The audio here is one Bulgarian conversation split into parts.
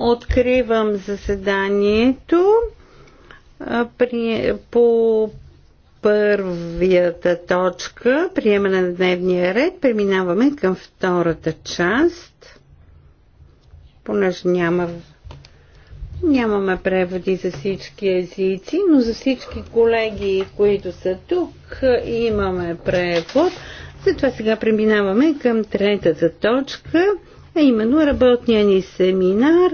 Откривам заседанието по първията точка, приемане на дневния ред. Преминаваме към втората част, понеже няма Нямаме преводи за всички езици, но за всички колеги, които са тук, имаме превод това сега преминаваме към третата точка, а именно работния ни семинар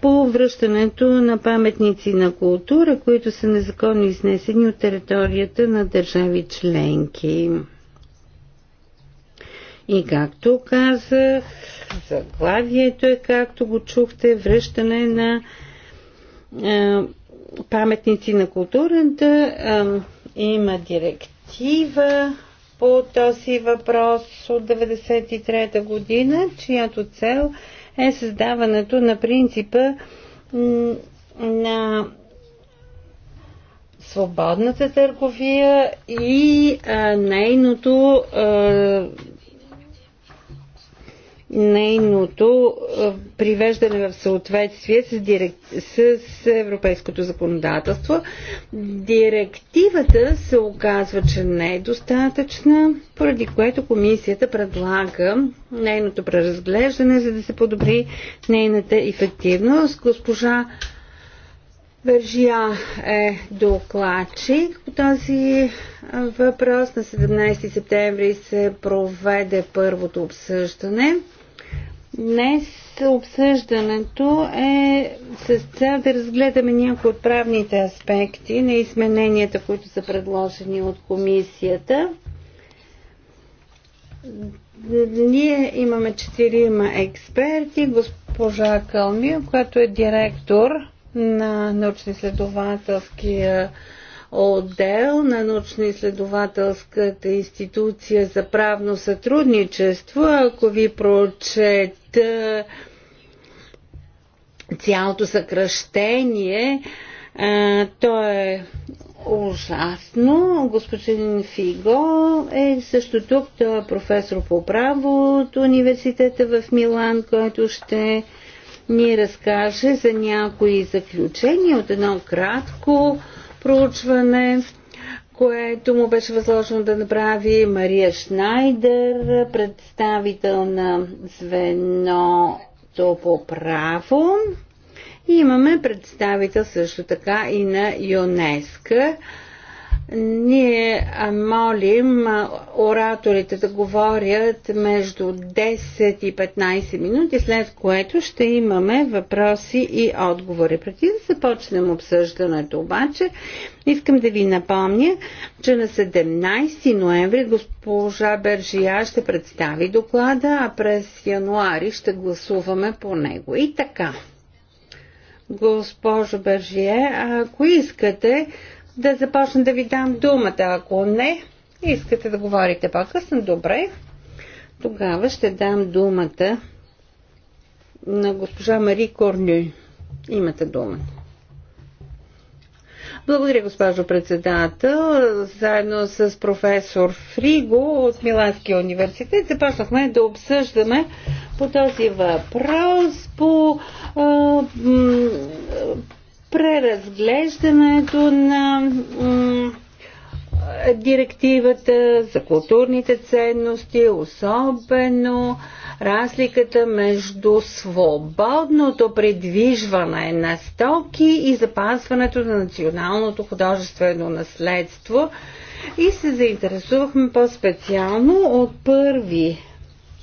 по връщането на паметници на култура, които са незаконно изнесени от територията на държави членки. И както казах, заглавието е, както го чухте, връщане на е, паметници на културата. Е, има директива по този въпрос от 1993 година, чиято цел е създаването на принципа на свободната търговия и а, нейното а, нейното привеждане в съответствие с, дирек... с европейското законодателство. Директивата се оказва, че не е достатъчна, поради което комисията предлага нейното преразглеждане, за да се подобри нейната ефективност. Госпожа Вържия е докладчик по този въпрос. На 17 септември се проведе първото обсъждане. Днес обсъждането е с цел да разгледаме някои от правните аспекти на измененията, които са предложени от комисията. Ние имаме четирима експерти, госпожа Кълмия, която е директор на научно-изследователския отдел на научно-изследователската институция за правно сътрудничество. Ако ви прочете цялото съкръщение. То е ужасно. Господин Фиго е също тук. Той е професор по право от университета в Милан, който ще ни разкаже за някои заключения от едно кратко проучване което му беше възложено да направи Мария Шнайдер, представител на звеното по право. И имаме представител също така и на ЮНЕСКО. Ние молим ораторите да говорят между 10 и 15 минути, след което ще имаме въпроси и отговори. Преди да започнем обсъждането обаче, искам да ви напомня, че на 17 ноември госпожа Бержия ще представи доклада, а през януари ще гласуваме по него. И така. Госпожо Бержие, ако искате, да започна да ви дам думата. Ако не, искате да говорите по-късно, добре. Тогава ще дам думата на госпожа Мари Корнюй. Имате дума. Благодаря, госпожо председател. Заедно с професор Фриго от Миланския университет започнахме да обсъждаме по този въпрос по а, преразглеждането на директивата за културните ценности, особено разликата между свободното придвижване на стоки и запазването на националното художествено наследство. И се заинтересувахме по-специално от първи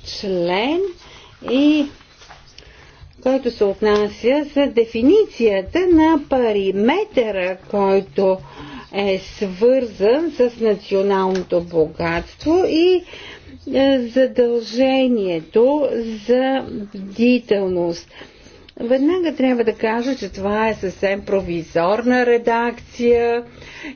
член и който се отнася за дефиницията на париметъра, който е свързан с националното богатство и е, задължението за бдителност. Веднага трябва да кажа, че това е съвсем провизорна редакция.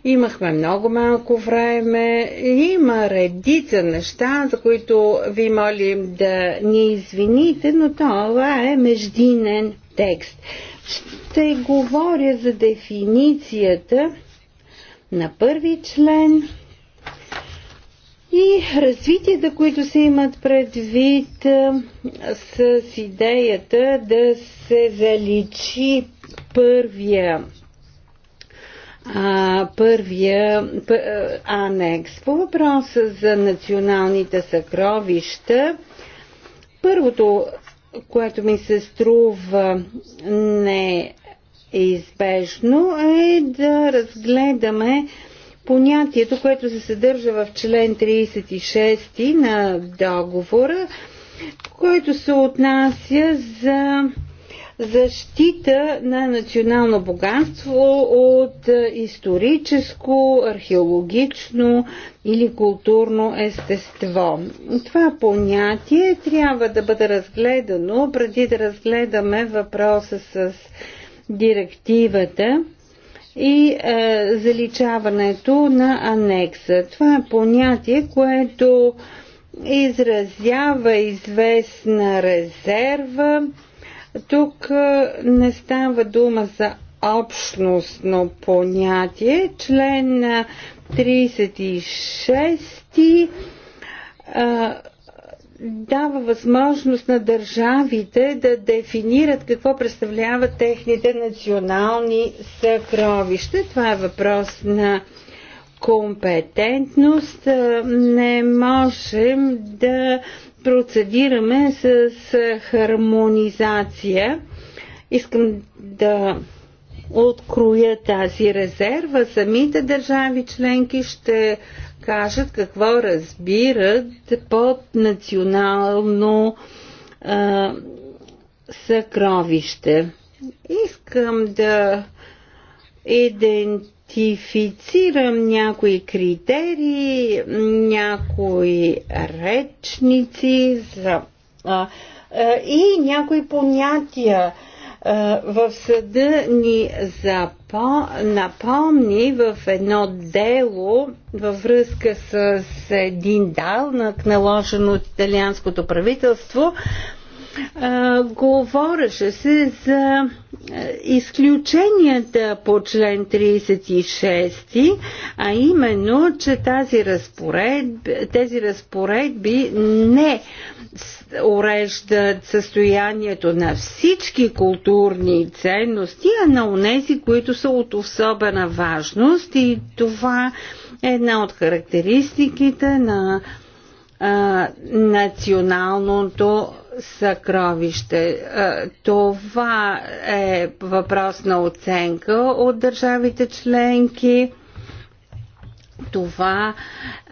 Имахме много малко време. Има редица неща, за които ви молим да ни извините, но това е междинен текст. Ще говоря за дефиницията на първи член и развитията, които се имат предвид е, с идеята да се заличи първия а, първия е, анекс. По въпроса за националните съкровища, първото, което ми се струва не е избежно е да разгледаме понятието, което се съдържа в член 36 на договора, който се отнася за защита на национално богатство от е, историческо, археологично или културно естество. Това понятие трябва да бъде разгледано преди да разгледаме въпроса с директивата и е, заличаването на анекса. Това е понятие, което изразява известна резерва. Тук е, не става дума за общностно понятие. Член 36 е, дава възможност на държавите да дефинират какво представляват техните национални съкровища. Това е въпрос на компетентност. Е, не можем да процедираме с хармонизация. Искам да откроя тази резерва. Самите държави членки ще кажат какво разбират под национално а, съкровище. Искам да идентифицирам някои критерии, някои речници за, а, а, и някои понятия в съда ни за напомни в едно дело във връзка с един данък, наложен от италианското правителство, а, говореше се за е, изключенията по член 36, а именно, че тази разпоредби, тези разпоредби не уреждат състоянието на всички културни ценности, а на унези, които са от особена важност и това е една от характеристиките на а, националното съкровище. Е, това е въпрос на оценка от държавите членки. Това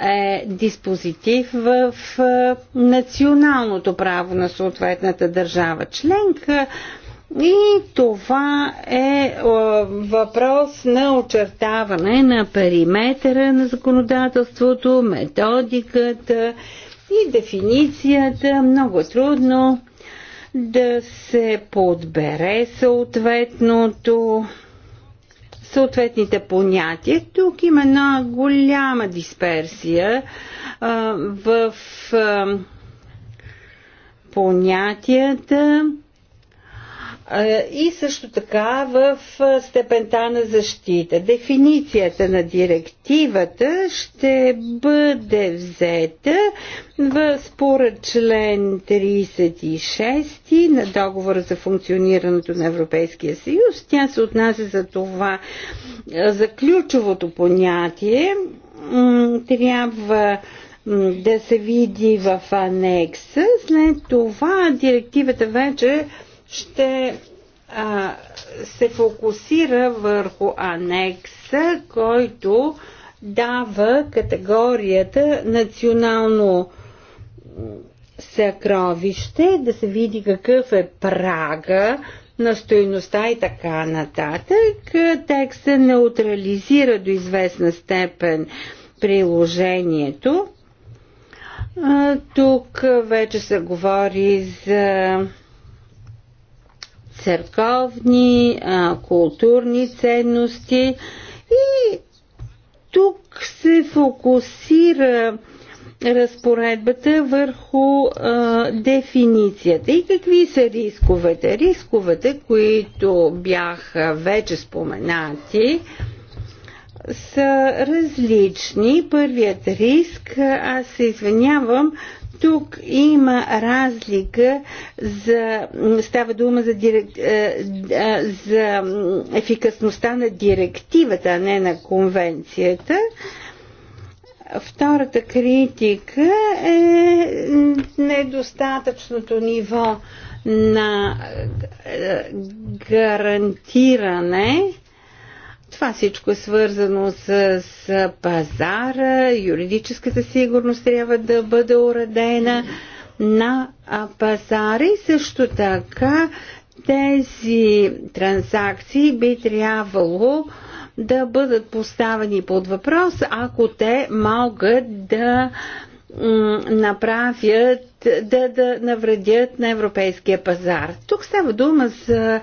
е диспозитив в е, националното право на съответната държава членка. И това е, е въпрос на очертаване на периметъра на законодателството, методиката и дефиницията. Много трудно да се подбере съответното съответните понятия. Тук има една голяма дисперсия а, в а, понятията и също така в степента на защита. Дефиницията на директивата ще бъде взета в според член 36 на договора за функционирането на Европейския съюз. Тя се отнася за това, за ключовото понятие. Трябва да се види в анекса. След това директивата вече ще а, се фокусира върху анекса, който дава категорията национално съкровище, да се види какъв е прага на стоеността и така нататък. Текста неутрализира до известна степен приложението. Тук вече се говори за църковни, а, културни ценности и тук се фокусира разпоредбата върху а, дефиницията. И какви са рисковете? Рисковете, които бяха вече споменати, са различни. Първият риск, аз се извинявам, тук има разлика за, става дума за, дирек, е, е, за ефикасността на директивата, а не на конвенцията. Втората критика е недостатъчното ниво на е, гарантиране това всичко е свързано с, с пазара, юридическата сигурност трябва да бъде уредена на пазара и също така тези транзакции би трябвало да бъдат поставени под въпрос, ако те могат да направят, да, да навредят на европейския пазар. Тук става дума за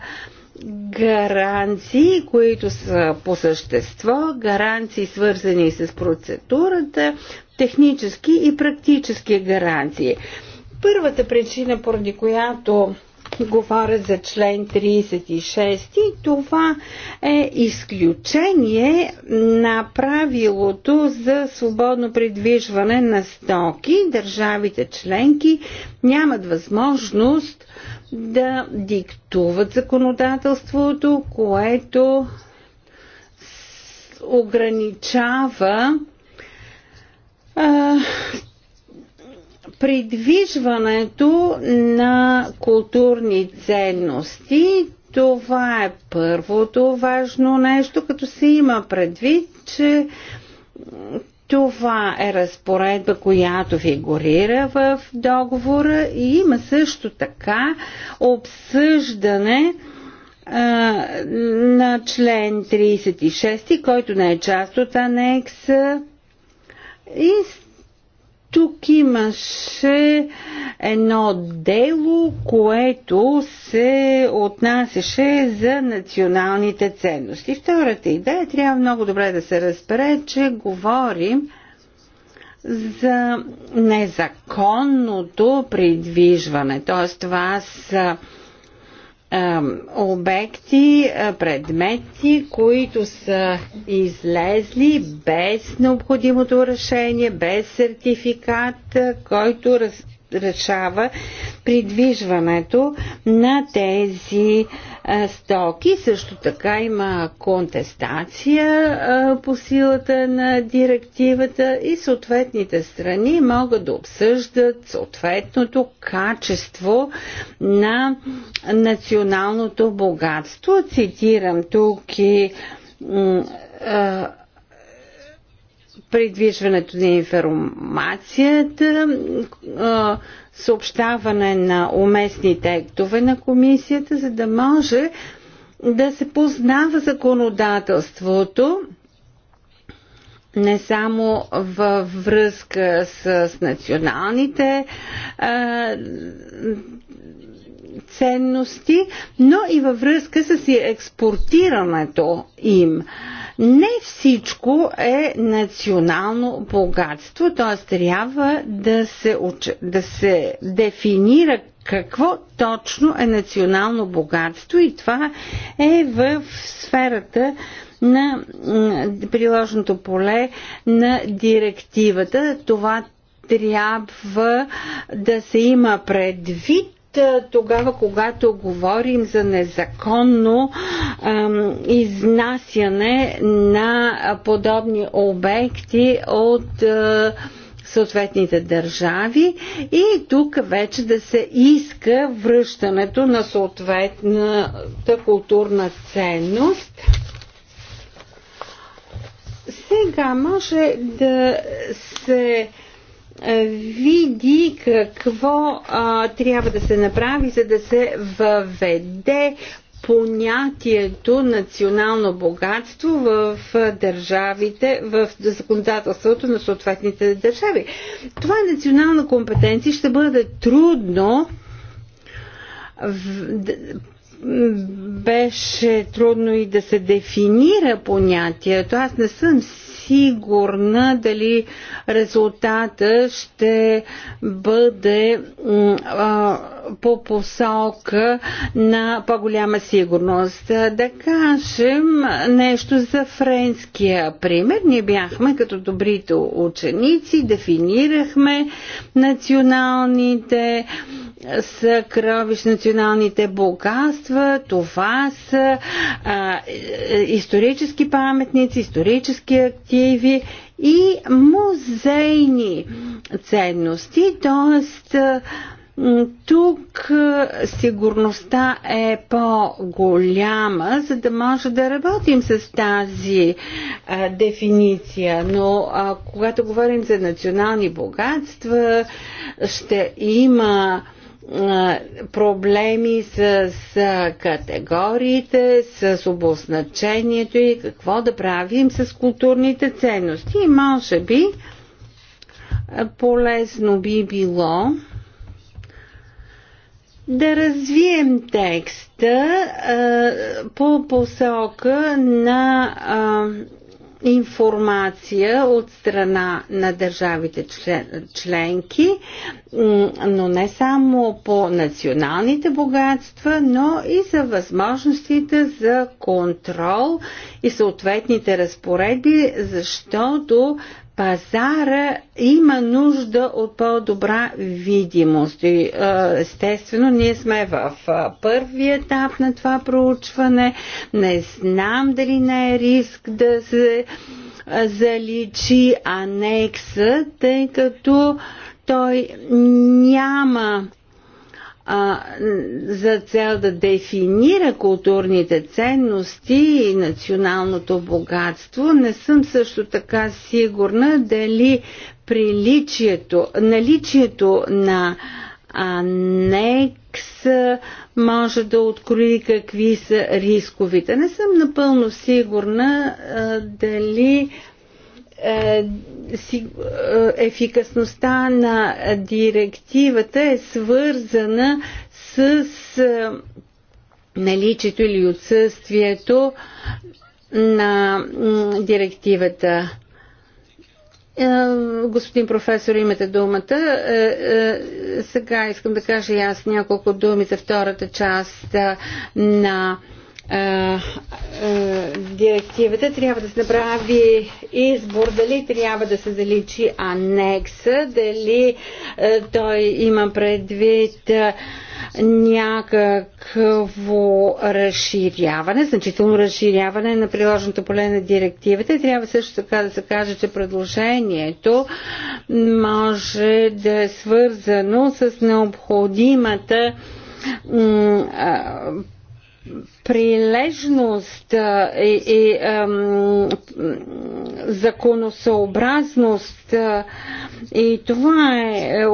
гаранции, които са по същество, гаранции свързани с процедурата, технически и практически гаранции. Първата причина, поради която говоря за член 36, това е изключение на правилото за свободно придвижване на стоки. Държавите членки нямат възможност да диктуват законодателството, което ограничава а, придвижването на културни ценности. Това е първото важно нещо, като се има предвид, че това е разпоредба, която фигурира в договора и има също така обсъждане на член 36, който не е част от анекса. И тук имаше едно дело, което се отнасяше за националните ценности. Втората идея трябва много добре да се разбере, че говорим за незаконното придвижване. Т.е. това са обекти, предмети, които са излезли без необходимото решение, без сертификат, който разрешава придвижването на тези стоки. Също така има контестация по силата на директивата и съответните страни могат да обсъждат съответното качество на националното богатство. Цитирам тук и придвижването на информацията, съобщаване на уместни тектове на комисията, за да може да се познава законодателството не само във връзка с националните ценности, но и във връзка с експортирането им. Не всичко е национално богатство, т.е. трябва да се, да се дефинира какво точно е национално богатство и това е в сферата на приложното поле на директивата. Това трябва да се има предвид тогава, когато говорим за незаконно ем, изнасяне на подобни обекти от е, съответните държави и тук вече да се иска връщането на съответната културна ценност. Сега може да се е, види какво а, трябва да се направи, за да се въведе понятието национално богатство в държавите, в законодателството на съответните държави. Това е национална компетенция, ще бъде трудно беше трудно и да се дефинира понятието. Аз не съм сигурна дали резултата ще бъде по посока на по-голяма сигурност. Да кажем нещо за френския пример. Ние бяхме като добрите ученици, дефинирахме националните съкровищ, националните богатства. Това са а, е, е, исторически паметници, исторически активи, архиви и музейни ценности, т.е. Тук сигурността е по-голяма, за да може да работим с тази а, дефиниция. Но а, когато говорим за национални богатства, ще има а, проблеми с, с категориите, с обозначението и какво да правим с културните ценности. И може би полезно би било да развием текста а, по посока на а, информация от страна на държавите членки, но не само по националните богатства, но и за възможностите за контрол и съответните разпоредби, защото пазара има нужда от по-добра видимост. И, естествено, ние сме в първи етап на това проучване. Не знам дали не е риск да се заличи анекса, тъй като той няма а, за цел да дефинира културните ценности и националното богатство. Не съм също така сигурна дали приличието, наличието на анекс може да открои какви са рисковите. Не съм напълно сигурна а, дали е, е, ефикасността на директивата е свързана с е, наличието или отсъствието на директивата. Господин професор, имате думата. Сега искам да кажа и аз няколко думи за втората част на директивата, трябва да се направи избор дали трябва да се заличи анекса, дали той има предвид някакво разширяване, значително разширяване на приложното поле на директивата. Трябва също така да се каже, че предложението може да е свързано с необходимата прилежност и, и ем, законосъобразност и това е, е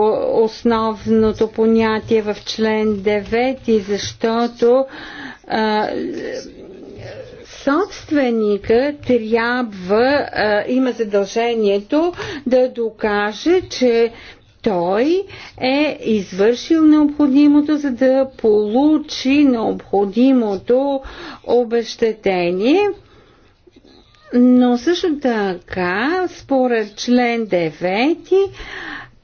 основното понятие в член 9, защото е, собственика трябва, е, има задължението да докаже, че той е извършил необходимото, за да получи необходимото обещетение. Но също така, според член 9,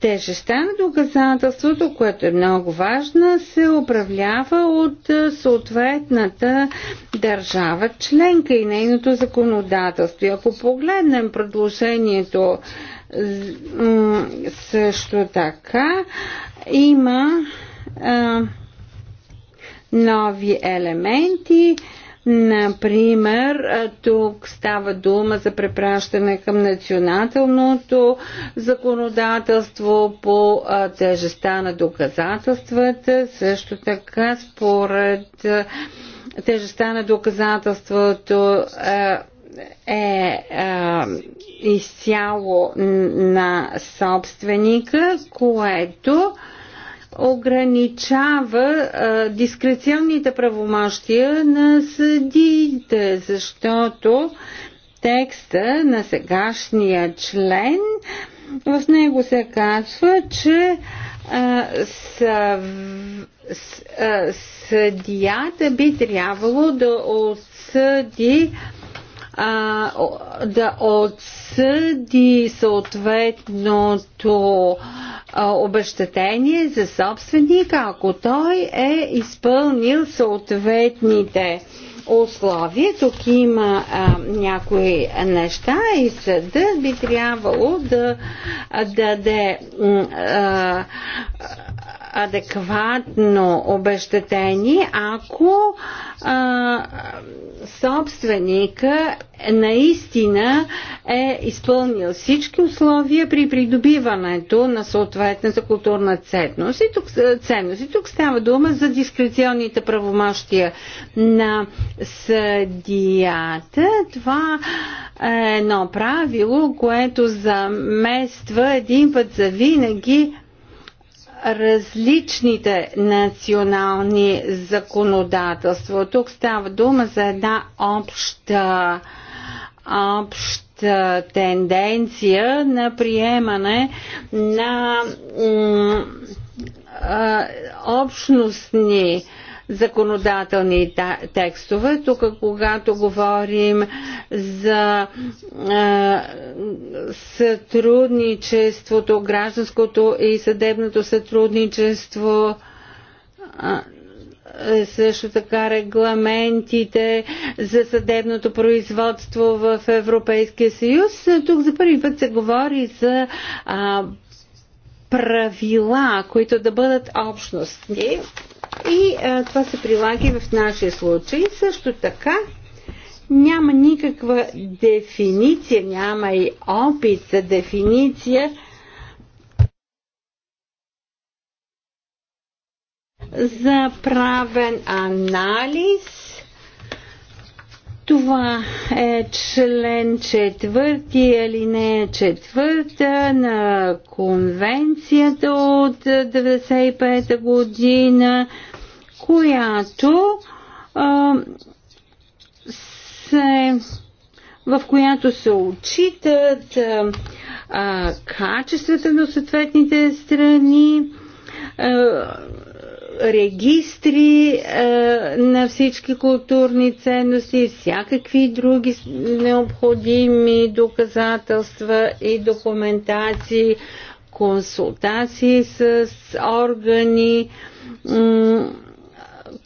тежестта на доказателството, което е много важна, се управлява от е, съответната държава членка и нейното законодателство. И ако погледнем предложението също така има а, нови елементи. Например, тук става дума за препращане към националното законодателство по тежеста на доказателствата. Също така, според тежеста на доказателството е е а, е, изцяло на собственика, което ограничава а, е, дискреционните правомощия на съдиите, защото текста на сегашния член в него се казва, че а, е, съв, с, а, съдията би трябвало да отсъди а, а, да отсъди съответното а, обещатение за собственика, ако той е изпълнил съответните условия. Тук има а, някои неща и съда би трябвало да даде. а, адекватно обещетени, ако а, собственика наистина е изпълнил всички условия при придобиването на съответната културна ценност. И тук, ценност. И тук става дума за дискреционните правомощия на съдията. Това е едно правило, което замества един път за винаги различните национални законодателства. Тук става дума за една обща, обща тенденция на приемане на общностни законодателни текстове. Тук, когато говорим за сътрудничеството, гражданското и съдебното сътрудничество, също така регламентите за съдебното производство в Европейския съюз. Тук за първи път се говори за а, правила, които да бъдат общностни и а, това се прилага и в нашия случай. Също така няма никаква дефиниция, няма и опит за дефиниция за правен анализ това е член 4, алинея 4 на конвенцията от 1995 година, която а, се, в която се отчитат а, качествата на съответните страни. А, регистри е, на всички културни ценности всякакви други необходими доказателства и документации, консултации с органи,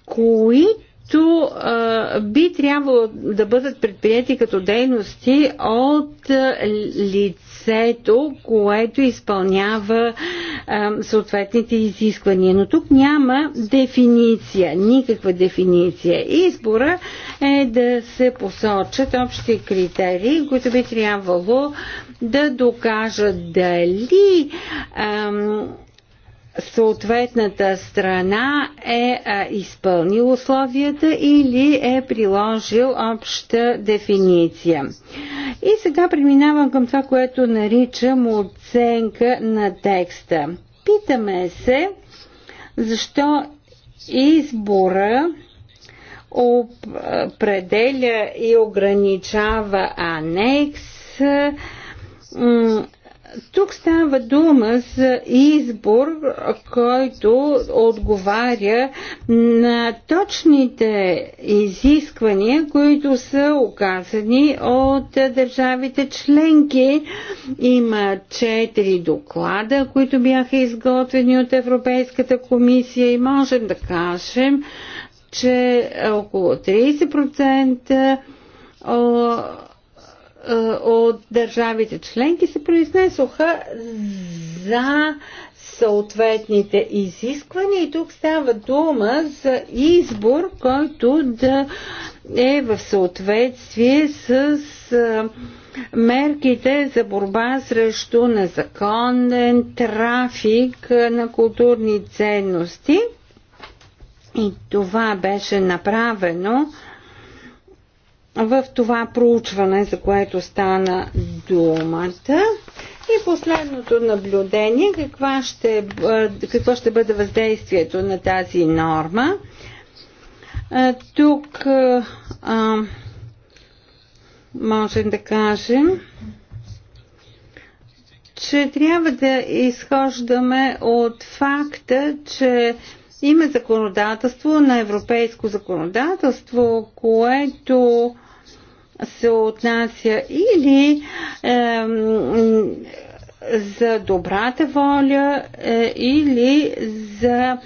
които които е, би трябвало да бъдат предприяти като дейности от е, лица, лицето, което изпълнява съответните изисквания. Но тук няма дефиниция, никаква дефиниция. Избора е да се посочат общи критерии, които би трябвало да докажат дали е, съответната страна е изпълнил условията или е приложил обща дефиниция. И сега преминавам към това, което наричам оценка на текста. Питаме се защо избора определя и ограничава анекс тук става дума за избор, който отговаря на точните изисквания, които са оказани от държавите членки. Има четири доклада, които бяха изготвени от Европейската комисия и можем да кажем, че около 30% е, от държавите членки се произнесоха за съответните изисквания и тук става дума за избор, който да е в съответствие с е, мерките за борба срещу незаконен трафик на културни ценности. И това беше направено в това проучване, за което стана думата. И последното наблюдение, каква ще, какво ще бъде въздействието на тази норма. Тук а, можем да кажем, че трябва да изхождаме от факта, че има законодателство на европейско законодателство, което се отнася или е, за добрата воля е, или за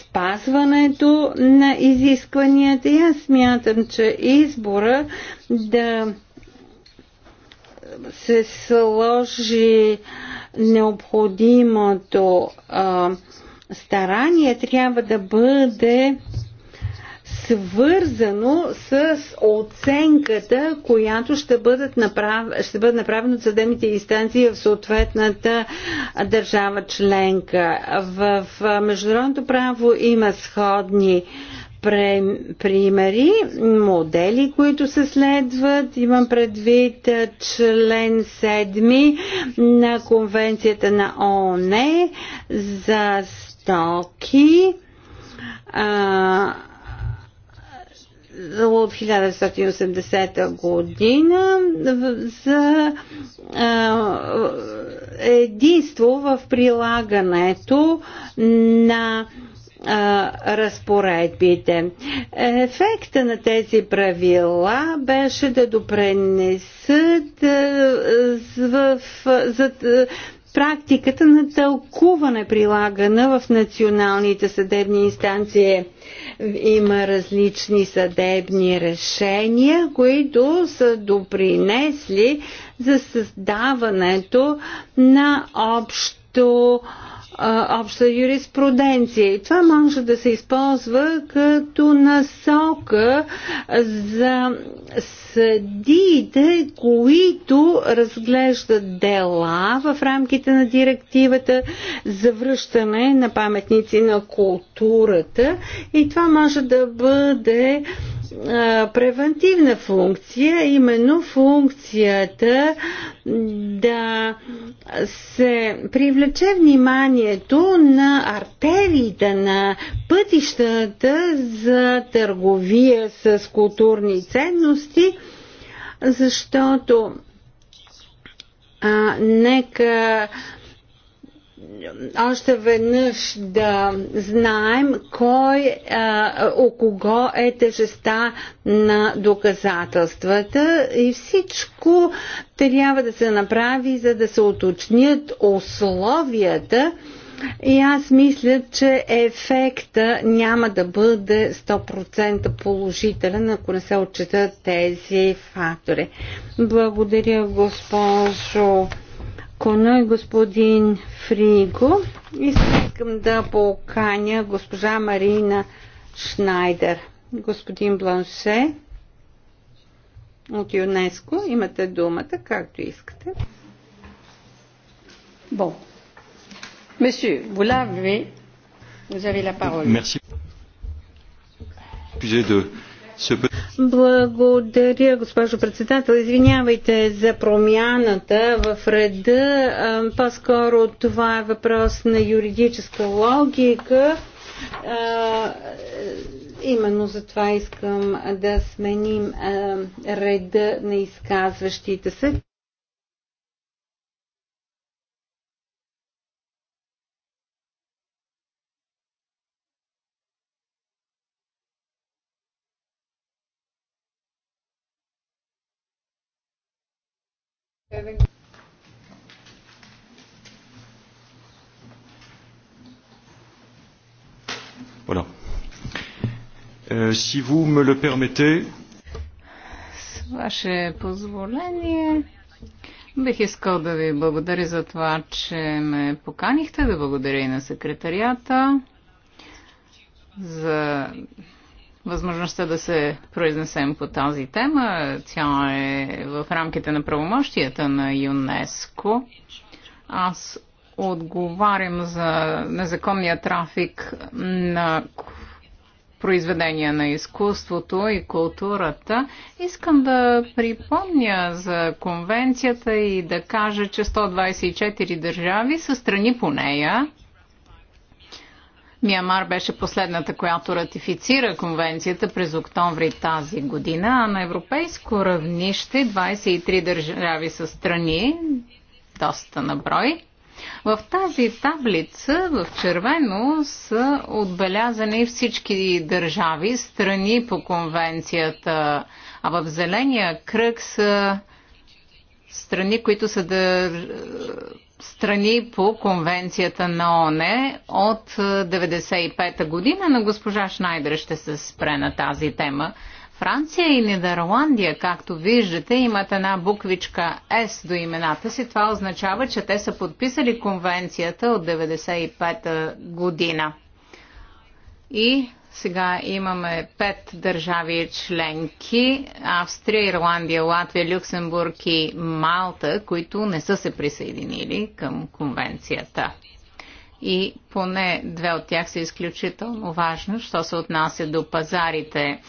спазването на изискванията. И аз смятам, че избора да се сложи необходимото е, старание трябва да бъде свързано с оценката, която ще, бъдат направ... ще бъде направена от съдебните инстанции в съответната държава членка. В международното право има сходни примери, модели, които се следват. Имам предвид член 7 на Конвенцията на ООН за стоки. А, от 1980 година за единство в прилагането на разпоредбите. Ефекта на тези правила беше да допренесат в, за, практиката на тълкуване прилагана в националните съдебни инстанции. Има различни съдебни решения, които са допринесли за създаването на общо обща юриспруденция. И това може да се използва като насока за съдиите, които разглеждат дела в рамките на директивата за връщане на паметници на културата. И това може да бъде превентивна функция, именно функцията да се привлече вниманието на артериите, на пътищата за търговия с културни ценности, защото а, нека още веднъж да знаем кой, у о кого е тежеста на доказателствата и всичко трябва да се направи, за да се уточнят условията. И аз мисля, че ефекта няма да бъде 100% положителен, ако не се отчитат тези фактори. Благодаря, госпожо закона и господин Фриго. Искам да поканя госпожа Марина Шнайдер. Господин Бланше от ЮНЕСКО. Имате думата, както искате. Bon. Месю, vous l'avez, vous avez la parole. Merci. Excusez de, благодаря, госпожо председател. Извинявайте за промяната в реда. По-скоро това е въпрос на юридическа логика. Именно за това искам да сменим реда на изказващите се. having Voilà. Euh, si vous me le permettez. С ваше позволение, бих искал да ви благодаря за това, че ме поканихте, да благодаря и на секретарията за възможността да се произнесем по тази тема. Тя е в рамките на правомощията на ЮНЕСКО. Аз отговарям за незаконния трафик на произведения на изкуството и културата. Искам да припомня за конвенцията и да кажа, че 124 държави са страни по нея Миямар беше последната, която ратифицира конвенцията през октомври тази година, а на европейско равнище 23 държави са страни, доста на брой. В тази таблица в червено са отбелязани всички държави, страни по конвенцията, а в зеления кръг са страни, които са да страни по конвенцията на ОНЕ от 1995 е, година. На госпожа Шнайдер ще се спре на тази тема. Франция и Нидерландия, както виждате, имат една буквичка С до имената си. Това означава, че те са подписали конвенцията от 1995 година. И сега имаме пет държави членки Австрия, Ирландия, Латвия, Люксембург и Малта, които не са се присъединили към конвенцията. И поне две от тях са изключително важно, що се отнася до пазарите.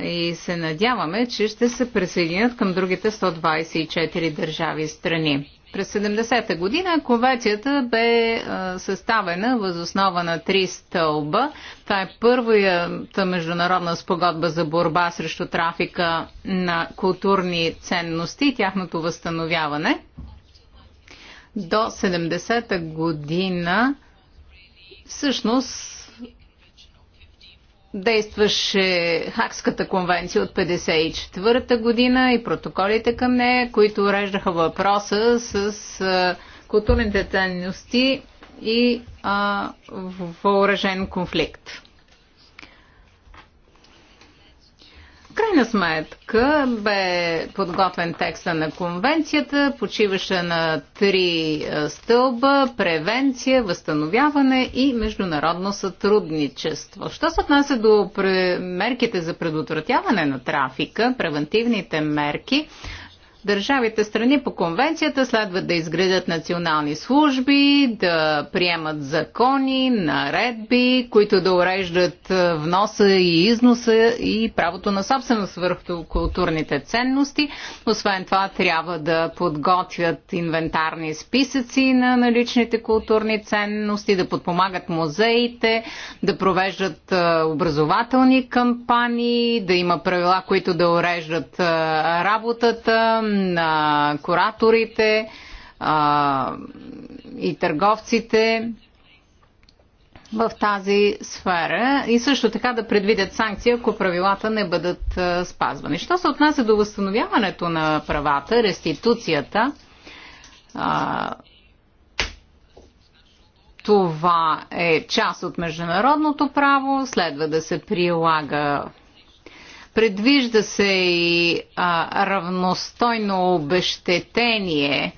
И се надяваме, че ще се присъединят към другите 124 държави страни. През 70-та година конвенцията бе е, съставена въз основа на три стълба. Това е първата международна спогодба за борба срещу трафика на културни ценности и тяхното възстановяване. До 70-та година всъщност действаше Хакската конвенция от 1954 година и протоколите към нея, които уреждаха въпроса с а, културните ценности и а, въоръжен конфликт. крайна сметка бе подготвен текста на конвенцията, почиваше на три е, стълба превенция, възстановяване и международно сътрудничество. Що се отнася до мерките за предотвратяване на трафика, превентивните мерки, Държавите страни по конвенцията следват да изградят национални служби, да приемат закони, наредби, които да уреждат е, вноса и износа и правото на собственост върху културните ценности. Освен това трябва да подготвят инвентарни списъци на наличните културни ценности, да подпомагат музеите, да провеждат е, образователни кампании, да има правила, които да уреждат е, работата на кураторите а, и търговците в тази сфера и също така да предвидят санкции, ако правилата не бъдат спазвани. Що се отнася до възстановяването на правата, реституцията, а, това е част от международното право, следва да се прилага Предвижда се и а, равностойно обещетение,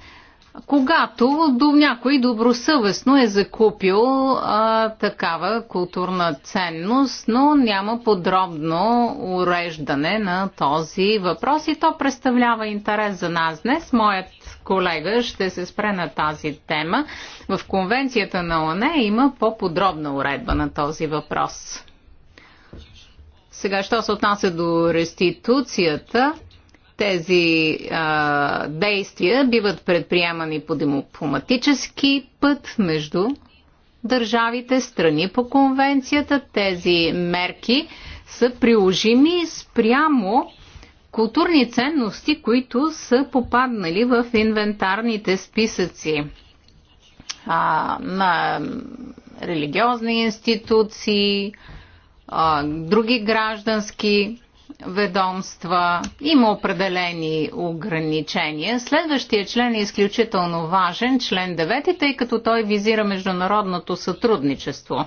когато до някой добросъвестно е закупил а, такава културна ценност, но няма подробно уреждане на този въпрос и то представлява интерес за нас днес. Моят колега ще се спре на тази тема. В конвенцията на ОНЕ има по-подробна уредба на този въпрос. Сега, що се отнася до реституцията, тези а, действия биват предприемани по дипломатически път между държавите, страни по конвенцията. Тези мерки са приложими спрямо културни ценности, които са попаднали в инвентарните списъци а, на религиозни институции, други граждански ведомства. Има определени ограничения. Следващия член е изключително важен, член 9, тъй като той визира международното сътрудничество.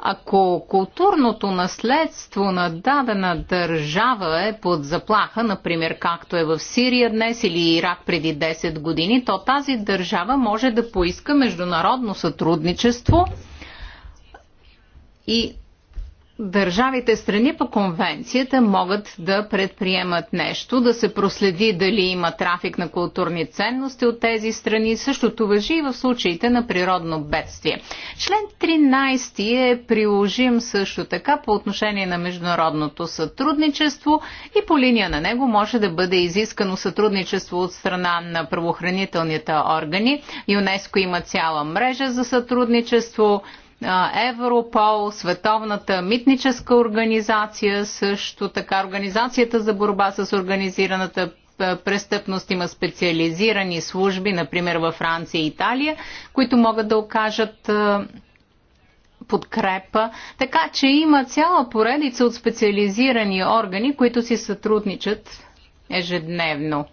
Ако културното наследство на дадена държава е под заплаха, например както е в Сирия днес или Ирак преди 10 години, то тази държава може да поиска международно сътрудничество и държавите страни по конвенцията могат да предприемат нещо, да се проследи дали има трафик на културни ценности от тези страни. Същото въжи и в случаите на природно бедствие. Член 13 е приложим също така по отношение на международното сътрудничество и по линия на него може да бъде изискано сътрудничество от страна на правоохранителните органи. ЮНЕСКО има цяла мрежа за сътрудничество Европол, Световната митническа организация, също така Организацията за борба с организираната престъпност има специализирани служби, например във Франция и Италия, които могат да окажат подкрепа. Така че има цяла поредица от специализирани органи, които си сътрудничат ежедневно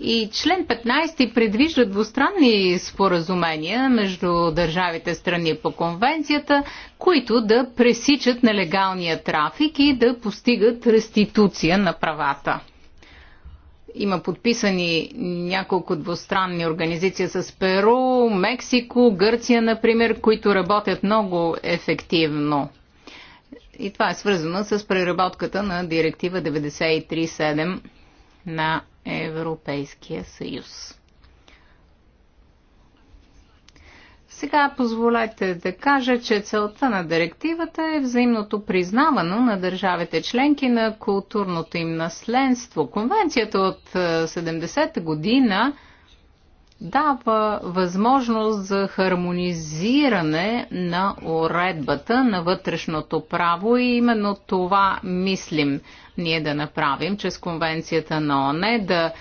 и член 15 предвижда двустранни споразумения между държавите страни по конвенцията, които да пресичат нелегалния трафик и да постигат реституция на правата. Има подписани няколко двустранни организации с Перу, Мексико, Гърция, например, които работят много ефективно. И това е свързано с преработката на директива 937 на Европейския съюз. Сега позволете да кажа, че целта на директивата е взаимното признаване на държавите членки на културното им наследство. Конвенцията от 70-та е, година дава възможност за хармонизиране на уредбата на вътрешното право и именно това мислим ние да направим чрез конвенцията на ОНЕ, да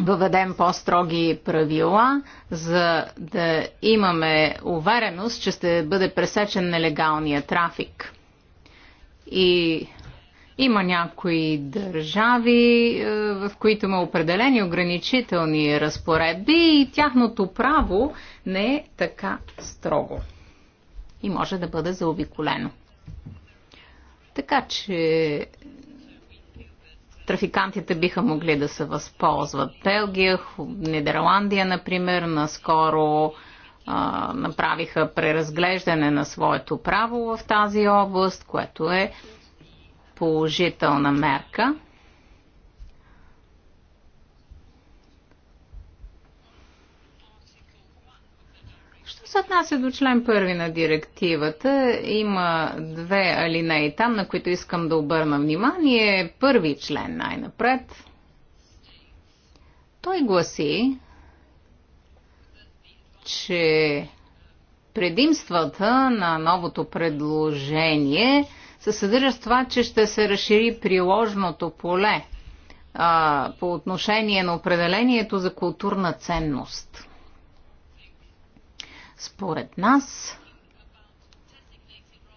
въведем по-строги правила, за да имаме увереност, че ще бъде пресечен нелегалния трафик. И има някои държави, е, в които има определени ограничителни разпоредби и тяхното право не е така строго. И може да бъде заобиколено. Така че трафикантите биха могли да се възползват. Белгия, Нидерландия, например, наскоро а, направиха преразглеждане на своето право в тази област, което е положителна мерка. се отнася до член първи на директивата, има две алинеи там, на които искам да обърна внимание. Първи член най-напред. Той гласи, че предимствата на новото предложение се съдържат в това, че ще се разшири приложното поле а, по отношение на определението за културна ценност. Според нас,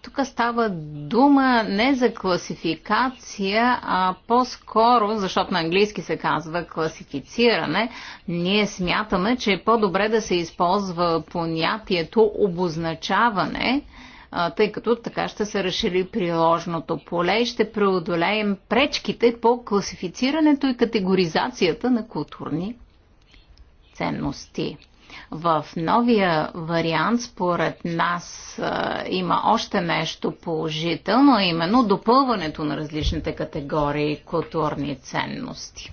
тук става дума не за класификация, а по-скоро, защото на английски се казва класифициране, ние смятаме, че е по-добре да се използва понятието обозначаване, тъй като така ще се разшири приложното поле и ще преодолеем пречките по класифицирането и категоризацията на културни ценности. В новия вариант, според нас, има още нещо положително, именно допълването на различните категории културни ценности.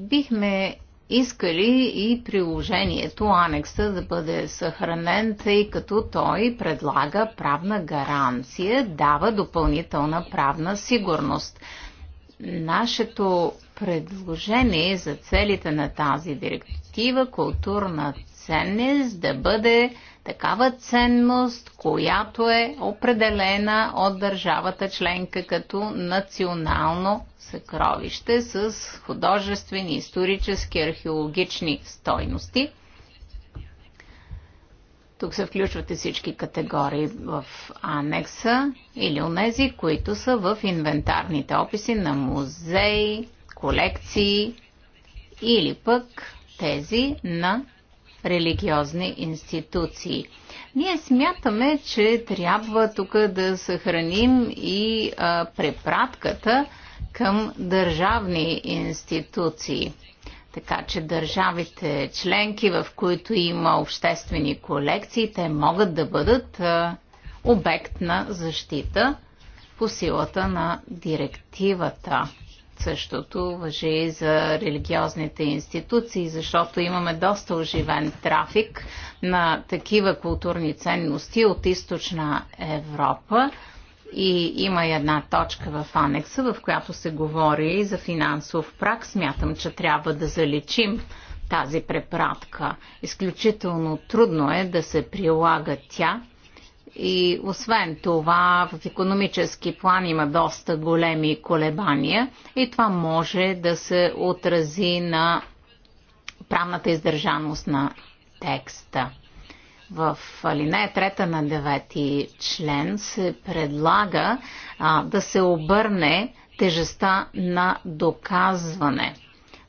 Бихме искали и приложението, анекса да бъде съхранен, тъй като той предлага правна гаранция, дава допълнителна правна сигурност. Нашето предложение за целите на тази директива културна ценност да бъде такава ценност, която е определена от държавата членка като национално съкровище с художествени, исторически, археологични стойности. Тук се включват и всички категории в анекса или онези, които са в инвентарните описи на музеи, колекции или пък тези на религиозни институции. Ние смятаме, че трябва тук да съхраним и а, препратката към държавни институции. Така че държавите членки, в които има обществени колекции, те могат да бъдат а, обект на защита по силата на директивата. Същото въжи и за религиозните институции, защото имаме доста оживен трафик на такива културни ценности от източна Европа. И има и една точка в анекса, в която се говори за финансов прак. Смятам, че трябва да заличим тази препратка. Изключително трудно е да се прилага тя и освен това, в економически план има доста големи колебания и това може да се отрази на правната издържаност на текста. В алинея трета на девети член се предлага а, да се обърне тежестта на доказване.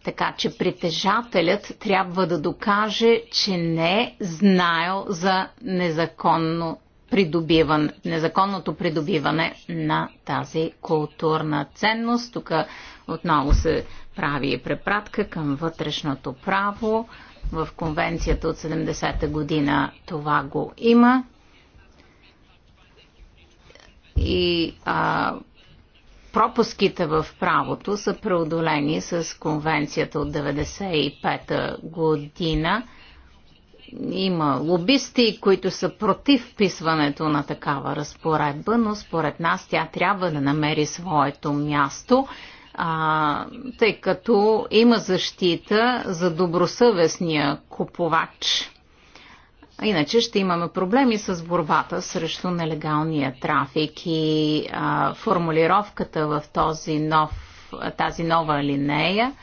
Така че притежателят трябва да докаже, че не е знаел за незаконно придобиван, незаконното придобиване на тази културна ценност. Тук отново се прави и препратка към вътрешното право. В конвенцията от 70-та година това го има. И а, пропуските в правото са преодолени с конвенцията от 95-та година – има лобисти, които са против писването на такава разпоредба, но според нас тя трябва да намери своето място, а, тъй като има защита за добросъвестния купувач. Иначе ще имаме проблеми с борбата срещу нелегалния трафик и а, формулировката в този нов, тази нова линея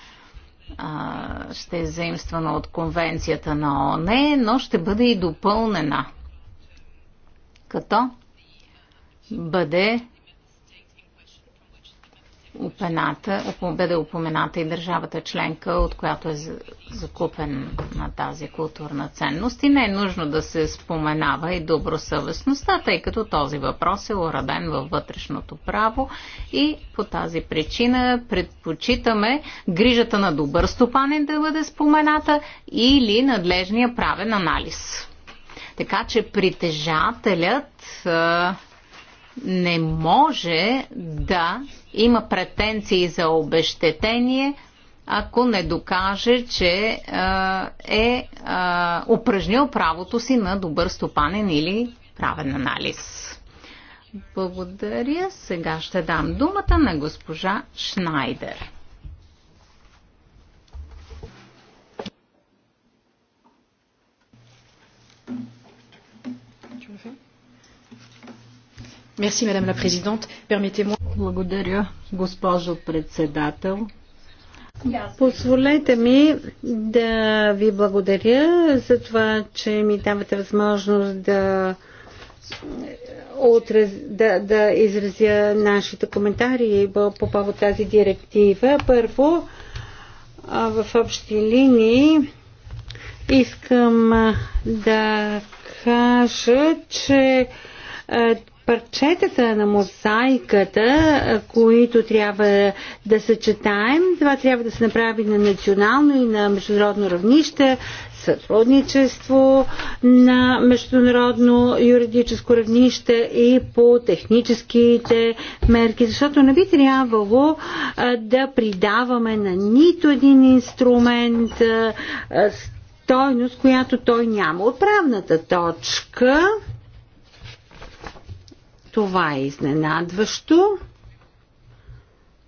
а, ще е заимствана от конвенцията на ООН, но ще бъде и допълнена, като бъде упената, бъде упомената и държавата членка, от която е закупен на тази културна ценност. И не е нужно да се споменава и добросъвестността, тъй като този въпрос е уреден във вътрешното право и по тази причина предпочитаме грижата на добър стопанен да бъде спомената или надлежния правен анализ. Така че притежателят не може да има претенции за обещетение, ако не докаже, че е упражнил правото си на добър стопанен или правен анализ. Благодаря. Сега ще дам думата на госпожа Шнайдер. Мерси, мадам ла Благодаря, госпожо председател. Позволете ми да ви благодаря за това, че ми давате възможност да отраз, да, да изразя нашите коментари по повод тази директива. Първо, в общи линии искам да кажа, че парчетата на мозайката, които трябва да съчетаем. Това трябва да се направи на национално и на международно равнище, сътрудничество на международно юридическо равнище и по техническите мерки, защото не би трябвало да придаваме на нито един инструмент стойност, която той няма. Отправната точка това е изненадващо.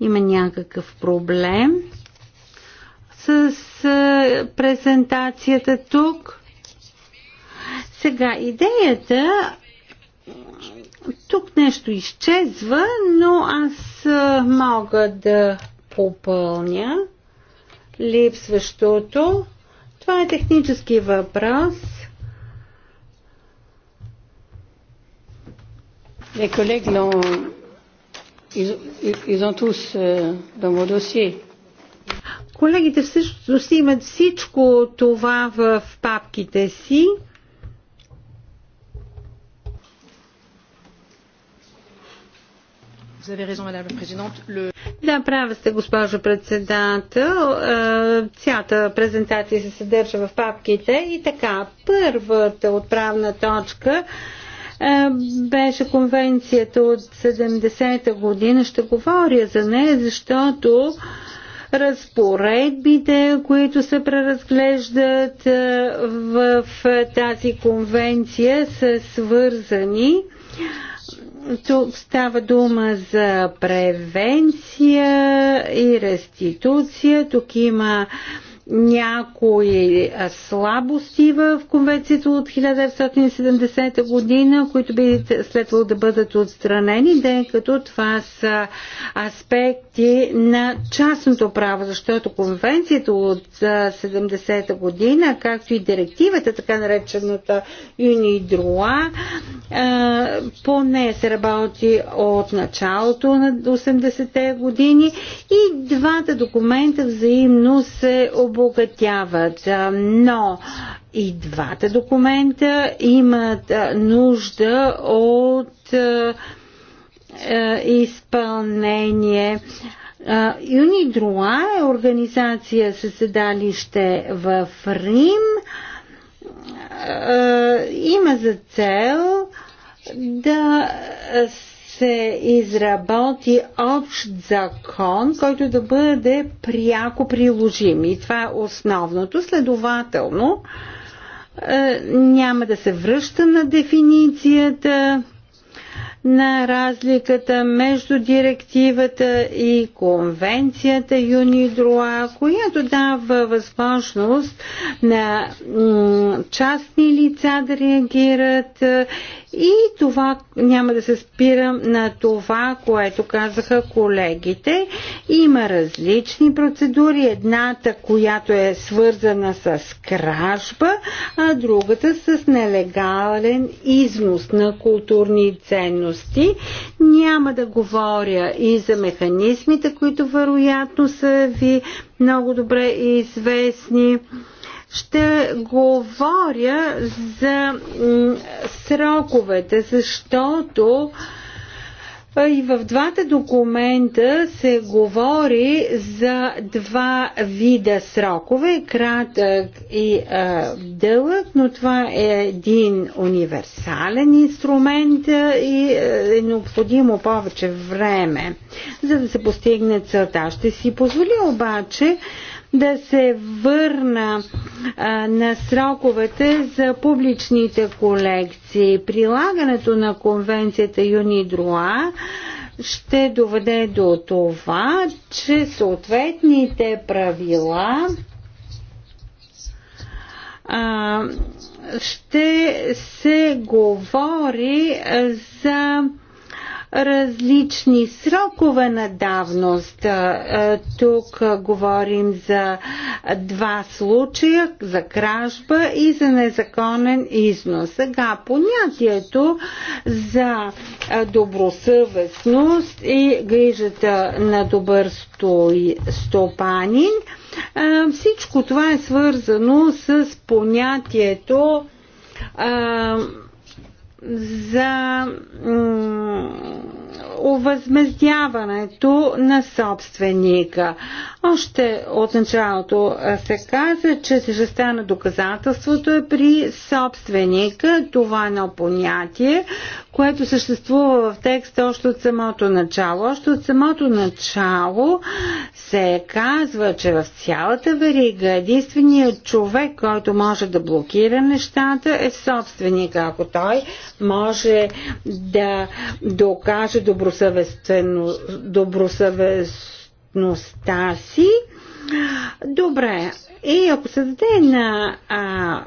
Има някакъв проблем с презентацията тук. Сега, идеята тук нещо изчезва, но аз мога да попълня липсващото. Това е технически въпрос. Les collègues l'ont. Ils, ils ont tous euh, dans mon dossier. Колегите всъщност имат всичко това в папките си. Да, права сте, госпожо председател. Е, цялата презентация се съдържа в папките. И така, първата отправна точка е е, беше конвенцията от 70-та година. Ще говоря за нея, защото разпоредбите, които се преразглеждат е, в тази конвенция, са свързани. Тук става дума за превенция и реституция. Тук има някои слабости в конвенцията от 1970 година, които би следвало да бъдат отстранени, ден като това са аспекти на частното право, защото конвенцията от 70 година, както и директивата, така наречената Юнидруа, по нея се работи от началото на 80-те години и двата документа взаимно се обучават обогатяват, но и двата документа имат нужда от изпълнение. Юнидроа е организация със седалище в Рим. Има за цел да се изработи общ закон, който да бъде пряко приложим. И това е основното. Следователно, е, няма да се връща на дефиницията на разликата между директивата и конвенцията Юнидроа, която дава възможност на частни лица да реагират и това няма да се спирам на това, което казаха колегите. Има различни процедури. Едната, която е свързана с кражба, а другата с нелегален износ на културни ценности. Няма да говоря и за механизмите, които вероятно са ви много добре известни. Ще говоря за сроковете, защото и в двата документа се говори за два вида срокове кратък и а, дълъг, но това е един универсален инструмент и е необходимо повече време, за да се постигне целта. Ще си позволя обаче да се върна а, на сроковете за публичните колекции. Прилагането на конвенцията Юнидроа ще доведе до това, че съответните правила а, ще се говори за а, различни срокове на давност. Е, е, тук говорим за два случая за кражба и за незаконен износ. Сега понятието за е, добросъвестност и грижата на добър стопанин. Всичко това е свързано с понятието за овъзмездяването на собственика. Още от началото се каза, че тежестта на доказателството е при собственика. Това е едно понятие, което съществува в текста още от самото начало. Още от самото начало се казва, че в цялата верига единственият човек, който може да блокира нещата е собственика. Ако той може да докаже добросъвестността си. Добре, и ако се даде на а,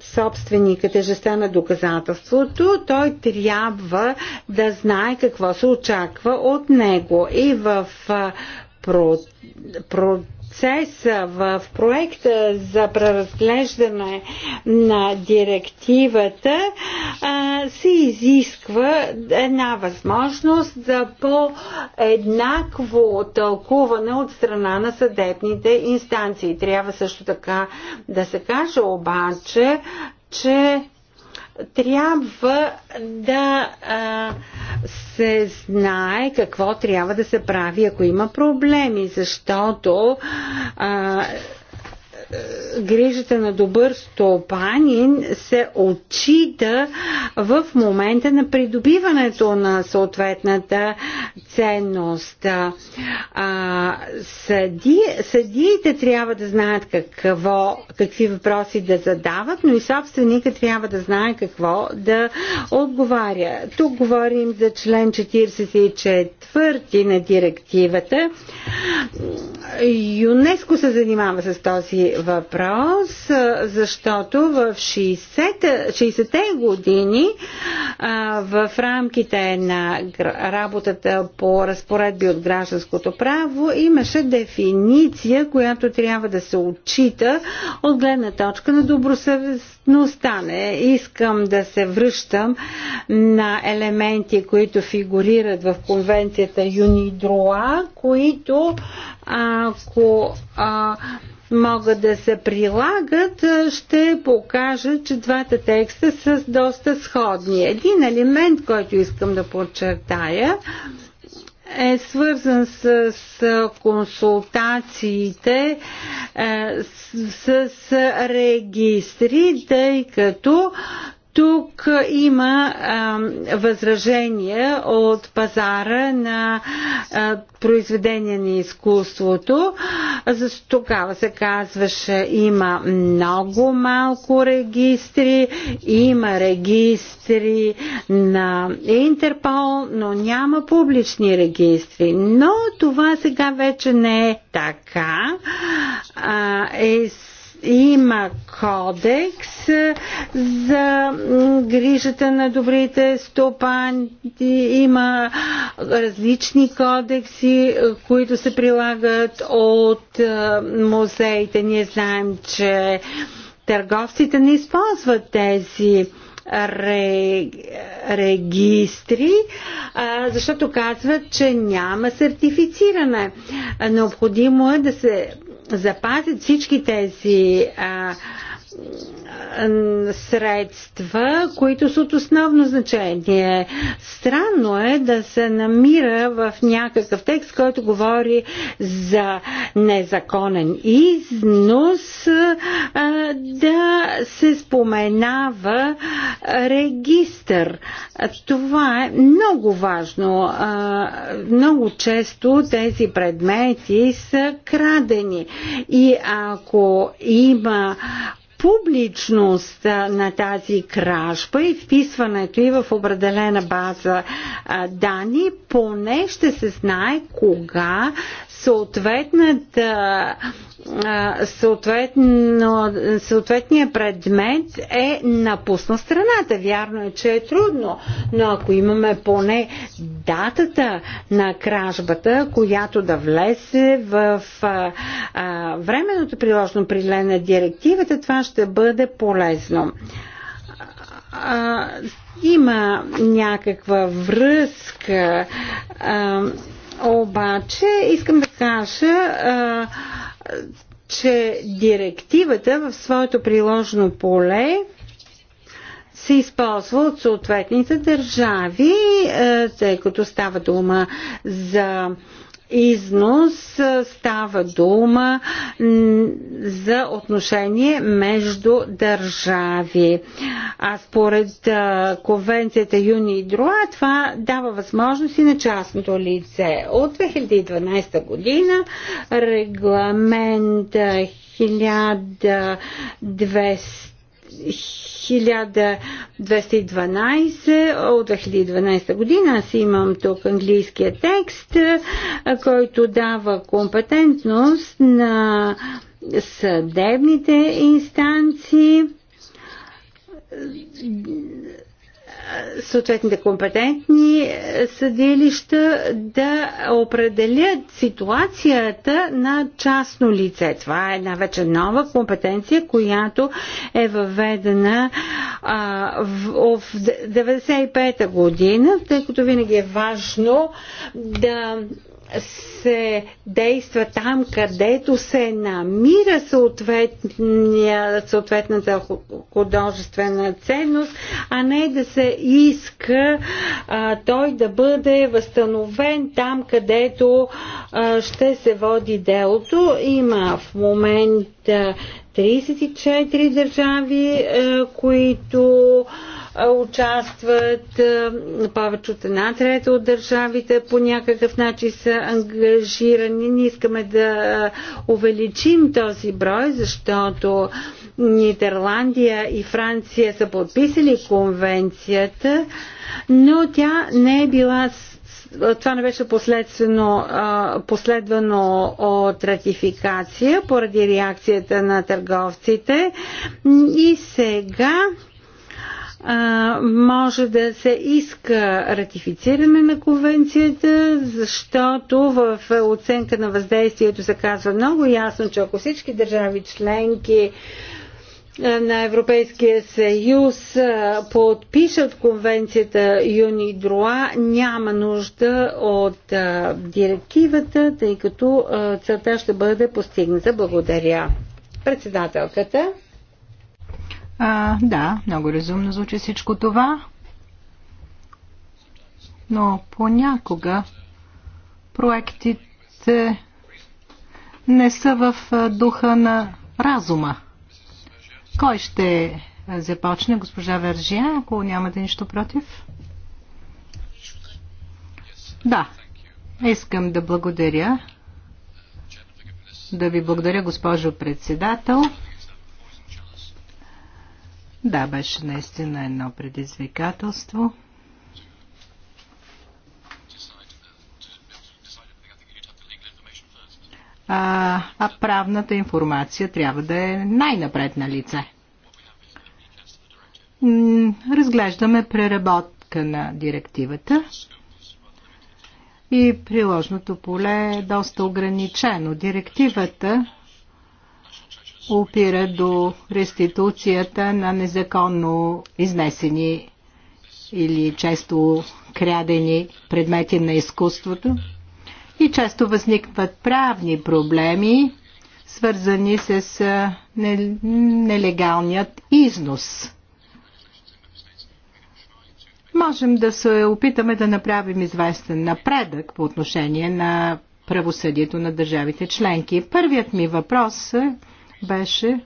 собственика тежестта на доказателството, той трябва да знае какво се очаква от него. И в а, про, про, процеса в проекта за преразглеждане на директивата се изисква една възможност за по-еднакво тълкуване от страна на съдебните инстанции. Трябва също така да се каже обаче, че трябва да а, се знае какво трябва да се прави, ако има проблеми, защото а, грижата на добър стопанин се отчита в момента на придобиването на съответната ценност. А, съди, съдиите трябва да знаят какво, какви въпроси да задават, но и собственика трябва да знае какво да отговаря. Тук говорим за член 44 на директивата. ЮНЕСКО се занимава с този въпрос, защото в 60-те 60 години в рамките на работата по разпоредби от гражданското право имаше дефиниция, която трябва да се отчита от гледна точка на добросъвестността. Не искам да се връщам на елементи, които фигурират в конвенцията Юнидроа, които ако а, могат да се прилагат, ще покажа, че двата текста са доста сходни. Един елемент, който искам да подчертая, е свързан с, с консултациите с, с регистри, тъй като тук има а, възражение от пазара на а, произведения на изкуството. Защо тогава се казваше има много малко регистри, има регистри на Интерпол, но няма публични регистри. Но това сега вече не е така. А, е има кодекс за грижата на добрите стопани, има различни кодекси, които се прилагат от е, музеите. Ние знаем, че търговците не използват тези регистри, защото казват, че няма сертифициране. Необходимо е да се запазят всички тези а, средства, които са от основно значение. Странно е да се намира в някакъв текст, който говори за незаконен износ, да се споменава регистър. Това е много важно. Много често тези предмети са крадени. И ако има публичност на тази кражба и вписването и в определена база данни, поне ще се знае кога съответната съответно, съответния предмет е напусна страната. Вярно е, че е трудно, но ако имаме поне датата на кражбата, която да влезе в а, а, временното приложно определение на директивата, това ще бъде полезно. А, има някаква връзка. А, обаче искам да кажа, че директивата в своето приложено поле се използва от съответните държави, тъй като става дума за износ става дума за отношение между държави. А според конвенцията Юни и Друа това дава възможност и на частното лице. От 2012 година регламент 1200 1212 от 2012 година. Аз имам тук английския текст, който дава компетентност на съдебните инстанции съответните компетентни е, съдилища да определят ситуацията на частно лице. Това е една вече нова компетенция, която е въведена а, в, в 95-та година, тъй като винаги е важно да се действа там, където се намира съответната художествена ценност, а не да се иска а, той да бъде възстановен там, където а, ще се води делото. Има в момента 34 държави, а, които а, участват повече от една трета от държавите по някакъв начин са ангажирани. Ние искаме да увеличим този брой, защото Нидерландия и Франция са подписали конвенцията, но тя не е била това не беше последствено, последвано от ратификация поради реакцията на търговците. И сега може да се иска ратифициране на конвенцията, защото в оценка на въздействието се казва много ясно, че ако всички държави членки на Европейския съюз подпишат конвенцията Юни Друа, няма нужда от директивата, тъй като целта ще бъде постигната. Благодаря. Председателката. А, да, много разумно звучи всичко това, но понякога проектите не са в духа на разума. Кой ще започне, госпожа Вержия, ако нямате нищо против? Да, искам да благодаря. Да ви благодаря, госпожо председател. Да, беше наистина едно предизвикателство. А, а правната информация трябва да е най-напред на лице. Разглеждаме преработка на директивата и приложното поле е доста ограничено. Директивата опира до реституцията на незаконно изнесени или често крядени предмети на изкуството. И често възникват правни проблеми, свързани с нелегалният износ. Можем да се опитаме да направим известен напредък по отношение на правосъдието на държавите членки. Първият ми въпрос е беше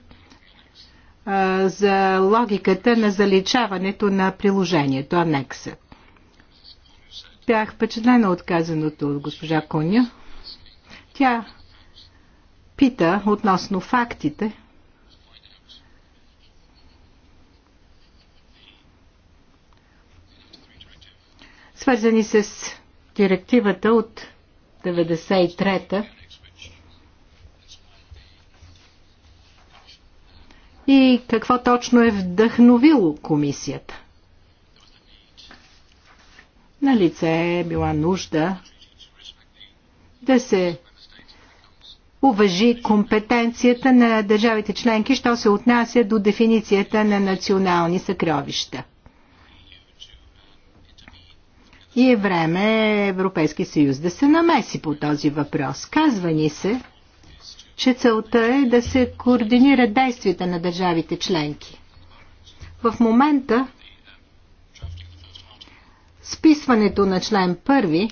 а, за логиката на заличаването на приложението, анекса. Бях впечатлена от казаното от госпожа Коня. Тя пита относно фактите, свързани с директивата от 93-та и какво точно е вдъхновило комисията. На лице е била нужда да се уважи компетенцията на държавите членки, що се отнася до дефиницията на национални съкровища. И е време Европейски съюз да се намеси по този въпрос. Казва ни се, че целта е да се координират действията на държавите членки. В момента списването на член първи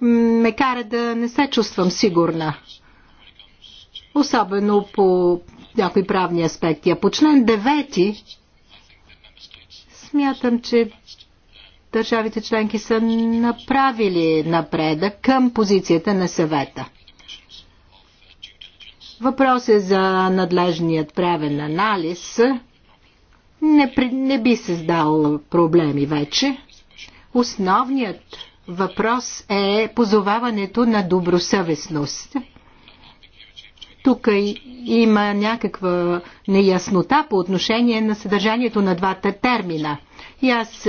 ме кара да не се чувствам сигурна. Особено по някои правни аспекти. А по член девети смятам, че държавите членки са направили напредък към позицията на съвета. Въпрос е за надлежният правен анализ. Не, не би създал проблеми вече. Основният въпрос е позоваването на добросъвестност. Тук има някаква неяснота по отношение на съдържанието на двата термина. И аз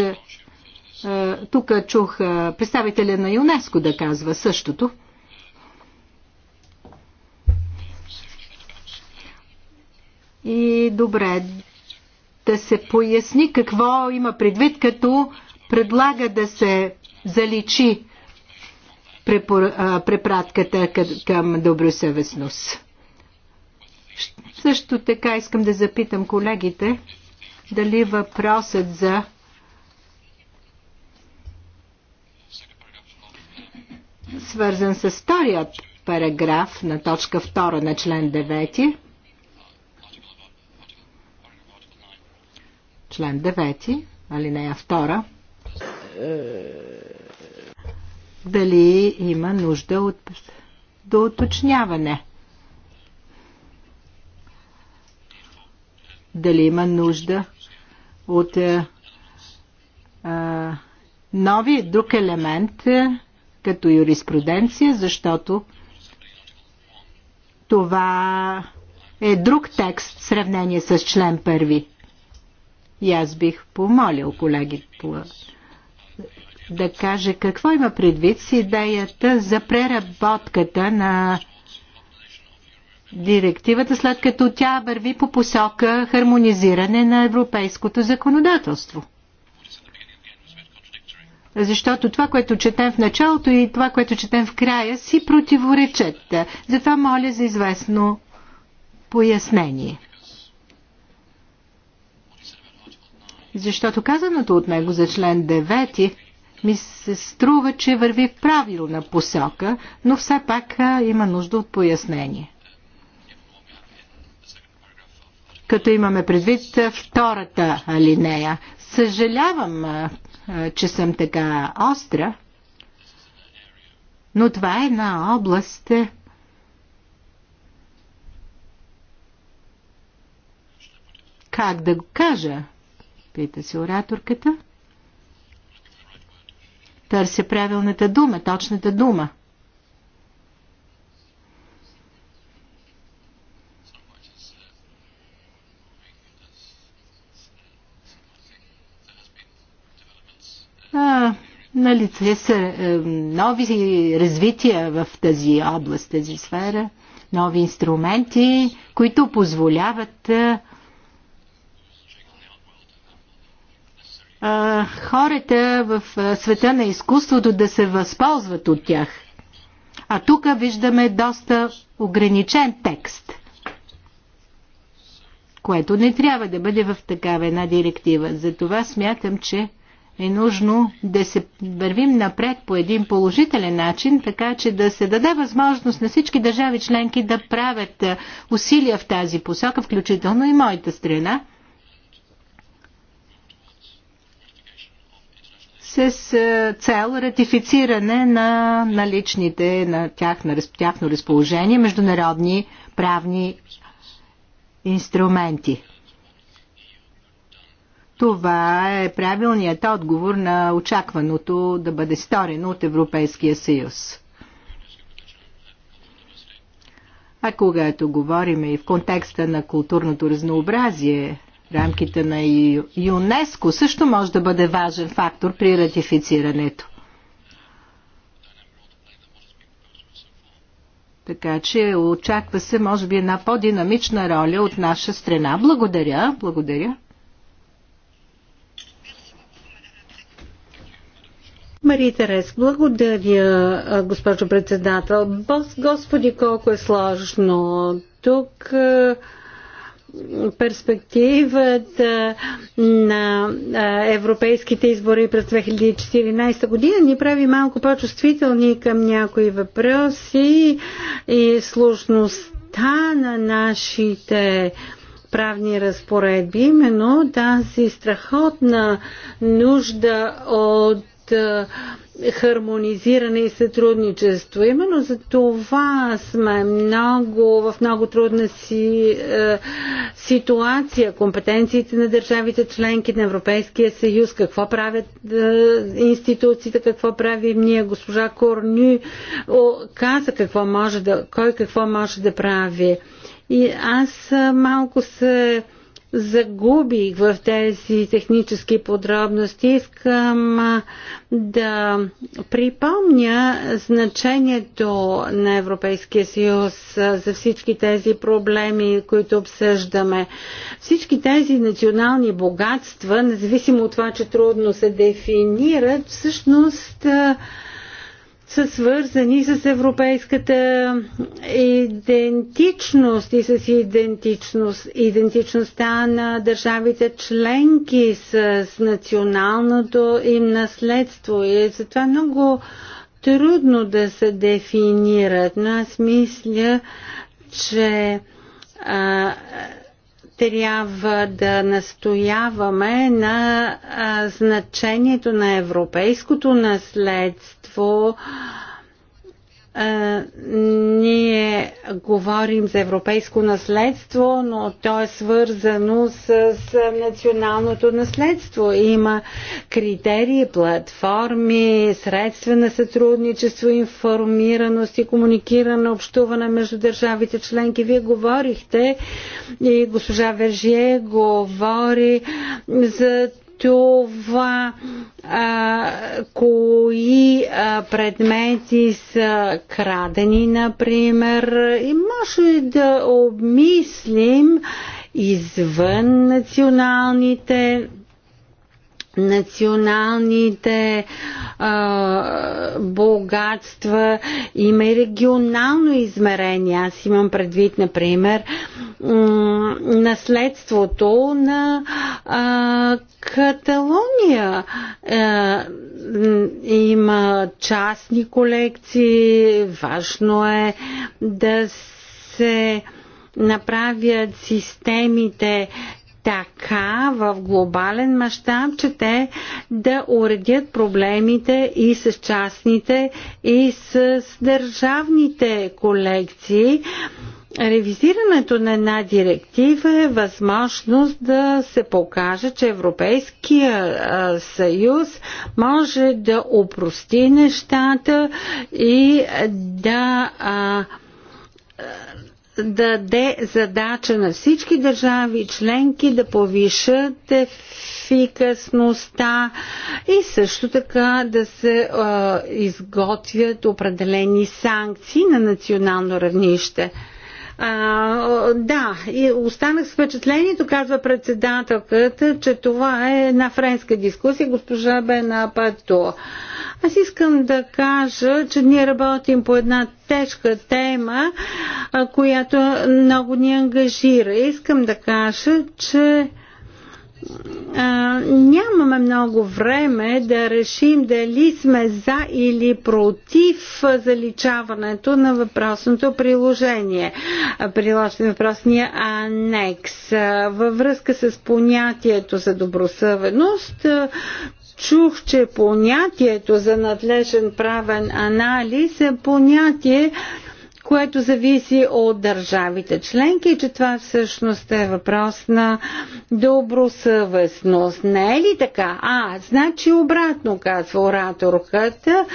е, тук чух е, представителя на ЮНЕСКО да казва същото. И добре да се поясни какво има предвид, като предлага да се заличи е, препратката към добросъвестност. Също така искам да запитам колегите дали въпросът за свързан с вторият параграф на точка 2 на член 9. Член 9, алинея 2. Дали има нужда от до уточняване? Дали има нужда от а, нови друг елемент? А, като юриспруденция, защото това е друг текст в сравнение с член първи. И аз бих помолил колеги да каже какво има предвид с идеята за преработката на директивата, след като тя върви по посока хармонизиране на европейското законодателство. Защото това, което четем в началото и това, което четем в края, си противоречат. Затова моля за известно пояснение. Защото казаното от него за член 9 ми се струва, че върви в правилна посока, но все пак има нужда от пояснение. Като имаме предвид втората алинея, Съжалявам, че съм така остра, но това е една област, е, как да го кажа? Пита се ораторката. Търся правилната дума, точната дума. на лице са е, нови развития в тази област, тази сфера, нови инструменти, които позволяват е, е, хората в света на изкуството да се възползват от тях. А тук виждаме доста ограничен текст, което не трябва да бъде в такава една директива. Затова смятам, че е нужно да се вървим напред по един положителен начин, така че да се даде възможност на всички държави членки да правят е, усилия в тази посока, включително и моята страна. с е, цел ратифициране на наличните на тях, на тяхно разположение международни правни инструменти. Това е правилният отговор на очакваното да бъде сторено от Европейския съюз. А когато говорим и в контекста на културното разнообразие, рамките на ЮНЕСКО също може да бъде важен фактор при ратифицирането. Така че очаква се, може би, една по-динамична роля от наша страна. Благодаря, благодаря. Мария Терес, благодаря, госпожо председател. Господи, колко е сложно. Тук перспективата на европейските избори през 2014 година ни прави малко по-чувствителни към някои въпроси и сложността на нашите правни разпоредби, именно тази страхотна нужда от хармонизиране и сътрудничество. Именно за това сме много, в много трудна си е, ситуация. Компетенциите на държавите членки на Европейския съюз, какво правят е, институциите, какво правим ние. Госпожа Корню о, каза какво може да, кой какво може да прави. И аз малко се загубих в тези технически подробности. Искам да припомня значението на Европейския съюз за всички тези проблеми, които обсъждаме. Всички тези национални богатства, независимо от това, че трудно се дефинират, всъщност са свързани с европейската идентичност и с идентичност, идентичността на държавите членки с националното им наследство. И затова е много трудно да се дефинират, но аз мисля, че а, трябва да настояваме на значението на европейското наследство ние говорим за европейско наследство, но то е свързано с, националното наследство. Има критерии, платформи, средства на сътрудничество, информираност и комуникиране, общуване между държавите членки. Вие говорихте и госпожа Вержие говори за това а, кои а, предмети са крадени, например, и може да обмислим извън националните националните а, богатства, има и регионално измерение. Аз имам предвид, например, наследството на а, Каталония. А, има частни колекции, важно е да се направят системите така в глобален мащаб, че те да уредят проблемите и с частните, и с държавните колекции. Ревизирането на една директива е възможност да се покаже, че Европейския съюз може да опрости нещата и да даде задача на всички държави членки да повишат ефикасността и също така да се а, изготвят определени санкции на национално равнище. А, да, и останах с впечатлението, казва председателката, че това е една френска дискусия, госпожа Бена Пато. Аз искам да кажа, че ние работим по една тежка тема, която много ни ангажира. Искам да кажа, че нямаме много време да решим дали сме за или против заличаването на въпросното приложение, приложен въпросния анекс. Във връзка с понятието за добросъвеност, чух, че понятието за надлежен правен анализ е понятие, което зависи от държавите членки че това всъщност е въпрос на добросъвестност. Не е ли така? А, значи обратно, казва ораторката,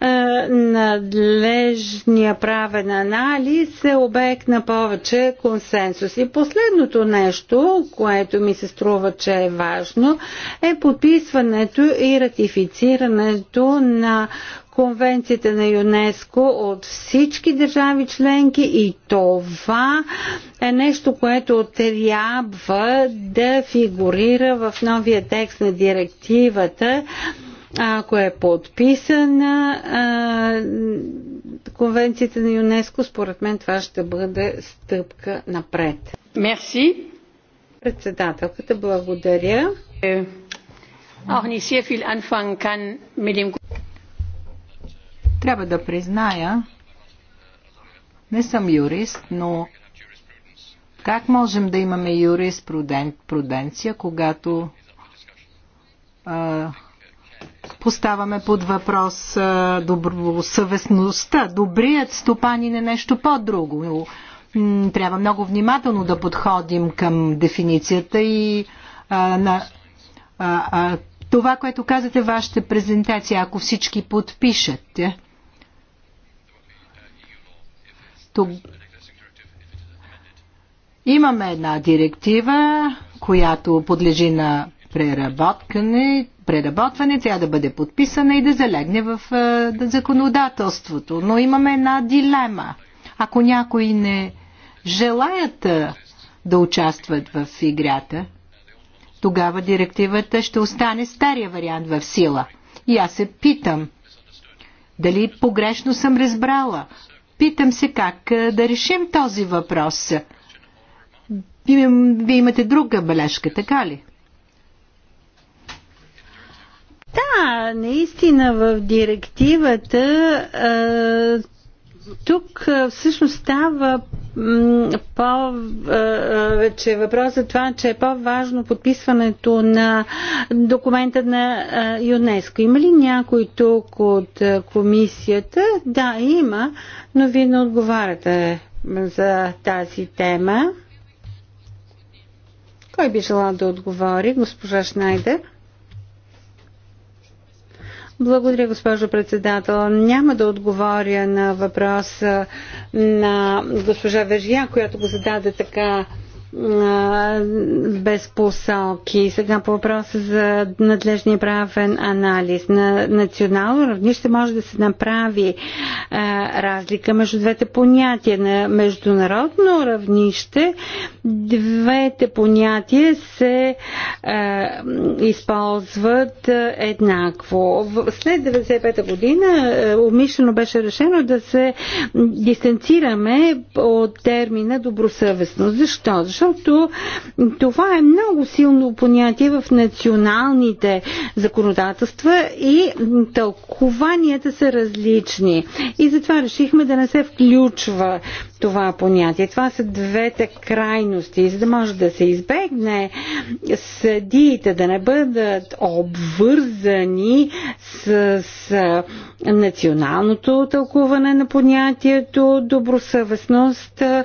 е, надлежния правен анализ е обект на повече консенсус. И последното нещо, което ми се струва, че е важно, е подписването и ратифицирането на конвенцията на ЮНЕСКо от всички държави членки и това е нещо, което трябва да фигурира в новия текст на директивата ако е подписана конвенцията на ЮНЕСКО, според мен това ще бъде стъпка напред. Мерси. Председателката, благодаря. Е, Auch nicht sehr viel anfangen kann mit dem трябва да призная, не съм юрист, но как можем да имаме юриспруденция, когато а, поставаме под въпрос а, добросъвестността? Добрият стопанин е нещо по-друго. Трябва много внимателно да подходим към дефиницията и а, на. А, а, това, което казате в вашата презентация, ако всички подпишете, Тук имаме една директива, която подлежи на преработване, трябва да бъде подписана и да залегне в законодателството. Но имаме една дилема. Ако някои не желаят да участват в играта, тогава директивата ще остане стария вариант в сила. И аз се питам, дали погрешно съм разбрала Питам се как да решим този въпрос. Вие имате друга бележка, така ли? Да, наистина в директивата тук всъщност става повече въпрос за това, че е по-важно подписването на документа на ЮНЕСКО. Има ли някой тук от комисията? Да, има, но вие не отговаряте за тази тема. Кой би желал да отговори? Госпожа Шнайдер. Благодаря, госпожо председател. Няма да отговоря на въпроса на госпожа Вежия, която го зададе така без посоки. Сега по въпроса за надлежния правен анализ. На национално равнище може да се направи а, разлика между двете понятия. На международно равнище двете понятия се а, използват еднакво. След 1995 година умишлено беше решено да се дистанцираме от термина добросъвестност. Защо? Защото защото това е много силно понятие в националните законодателства и тълкуванията са различни. И затова решихме да не се включва това понятие. Това са двете крайности. За да може да се избегне съдиите да не бъдат обвързани с, с националното тълкуване на понятието добросъвестност, е,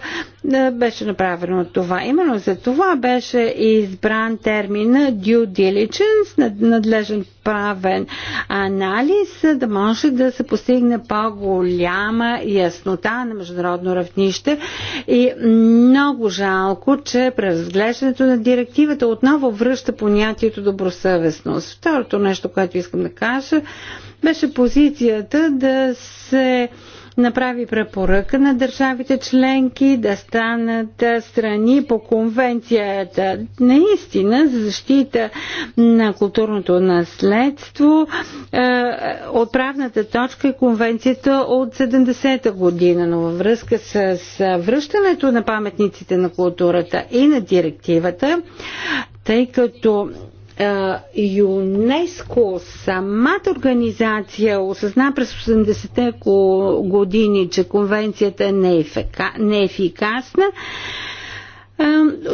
беше направено това. Именно за това беше избран термина due diligence, надлежен правен анализ, да може да се постигне по-голяма яснота на международно равнище училище и много жалко, че преразглеждането на директивата отново връща понятието добросъвестност. Второто нещо, което искам да кажа, беше позицията да се направи препоръка на държавите членки да станат страни по конвенцията наистина за защита на културното наследство. Отправната точка е конвенцията от 70-та година, но във връзка с връщането на паметниците на културата и на директивата, тъй като е, ЮНЕСКО, самата организация, осъзна през 80-те години, че конвенцията не е, ефека, не е ефикасна,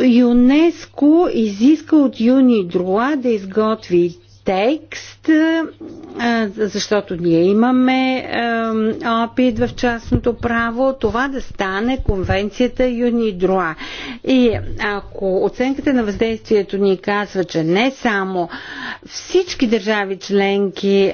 ЮНЕСКО изиска от Юни Друа да изготви текст, е, е, защото ние имаме е, опит в частното право, това да стане конвенцията Юни Друа. И ако оценката на въздействието ни казва, че не само всички държави членки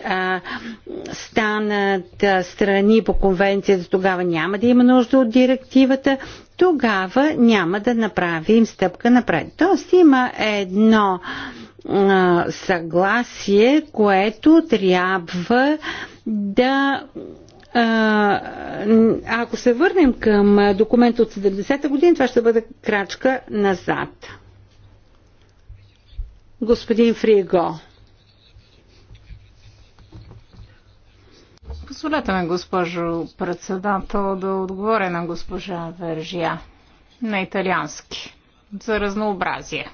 станат страни по конвенцията, тогава няма да има нужда от директивата, тогава няма да направим стъпка напред. Тоест има едно а, съгласие, което трябва да ако се върнем към документ от 70-та година, това ще бъде крачка назад. Господин Фриго. Позволете ме, госпожо председател, да отговоря на госпожа Вержия на италиански за разнообразие.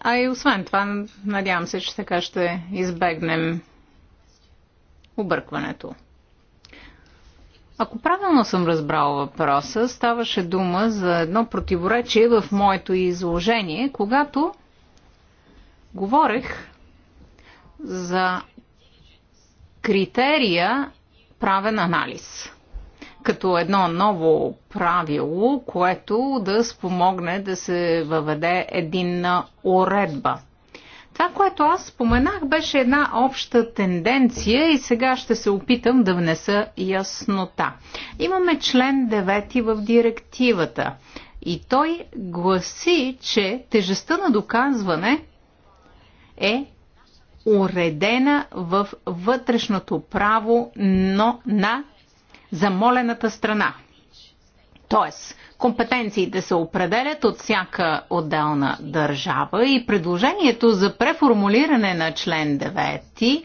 А и освен това, надявам се, че така ще избегнем объркването. Ако правилно съм разбрал въпроса, ставаше дума за едно противоречие в моето изложение, когато говорех за критерия правен анализ като едно ново правило, което да спомогне да се въведе единна уредба. Това, което аз споменах, беше една обща тенденция и сега ще се опитам да внеса яснота. Имаме член 9 в директивата и той гласи, че тежестта на доказване е уредена в вътрешното право, но на замолената страна. Тоест, компетенциите се определят от всяка отделна държава и предложението за преформулиране на член 9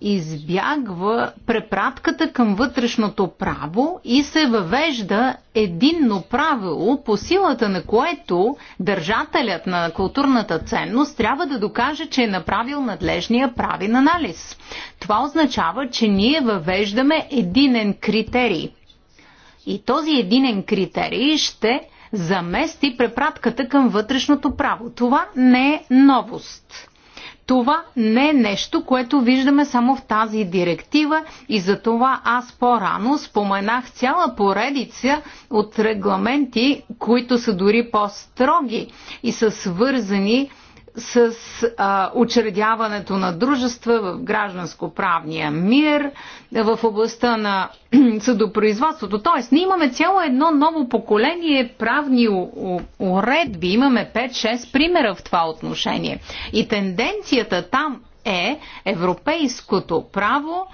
избягва препратката към вътрешното право и се въвежда единно правило, по силата на което държателят на културната ценност трябва да докаже, че е направил надлежния правен анализ. Това означава, че ние въвеждаме единен критерий. И този единен критерий ще замести препратката към вътрешното право. Това не е новост. Това не е нещо, което виждаме само в тази директива и за това аз по-рано споменах цяла поредица от регламенти, които са дори по-строги и са свързани с с а, учредяването на дружества в гражданско-правния мир, в областта на съдопроизводството. Тоест, ние имаме цяло едно ново поколение правни уредби. Имаме 5-6 примера в това отношение. И тенденцията там е европейското право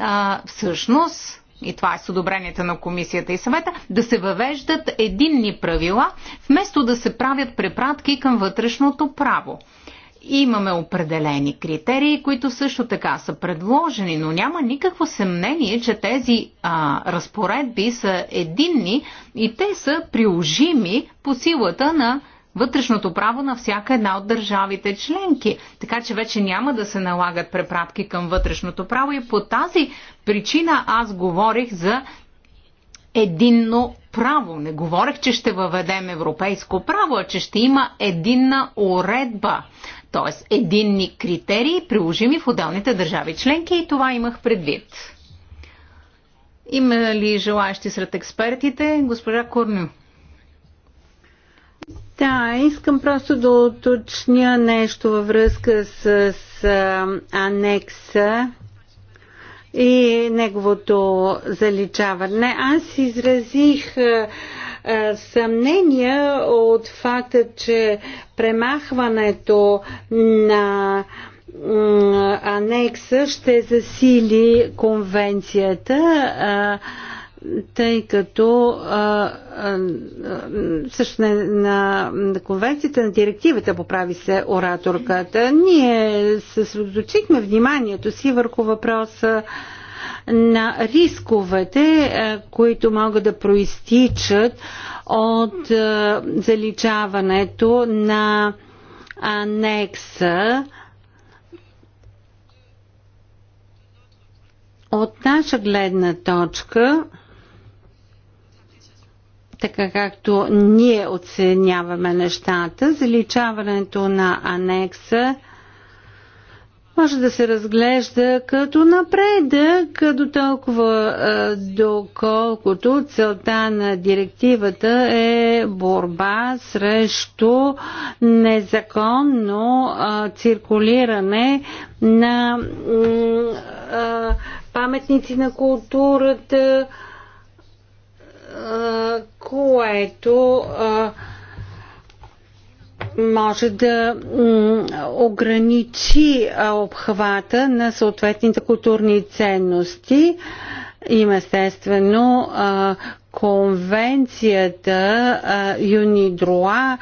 а, всъщност и това е с одобрението на комисията и съвета, да се въвеждат единни правила, вместо да се правят препратки към вътрешното право. Имаме определени критерии, които също така са предложени, но няма никакво съмнение, че тези а, разпоредби са единни и те са приложими по силата на вътрешното право на всяка една от държавите членки. Така че вече няма да се налагат препратки към вътрешното право и по тази причина аз говорих за единно право. Не говорех, че ще въведем европейско право, а че ще има единна уредба, т.е. единни критерии, приложими в отделните държави членки и това имах предвид. Има ли желаящи сред експертите? Госпожа Корню. Да, искам просто да уточня нещо във връзка с, с анекса и неговото заличаване. Аз изразих съмнения от факта, че премахването на анекса ще засили конвенцията тъй като също на, на конвенцията, на директивата поправи се ораторката. Ние съсредоточихме вниманието си върху въпроса на рисковете, които могат да проистичат от заличаването на анекса от наша гледна точка така както ние оценяваме нещата. Заличаването на анекса може да се разглежда като напредък, до толкова доколкото целта на директивата е борба срещу незаконно циркулиране на паметници на културата, което може да ограничи обхвата на съответните културни ценности. Има естествено конвенцията а, Юнидроа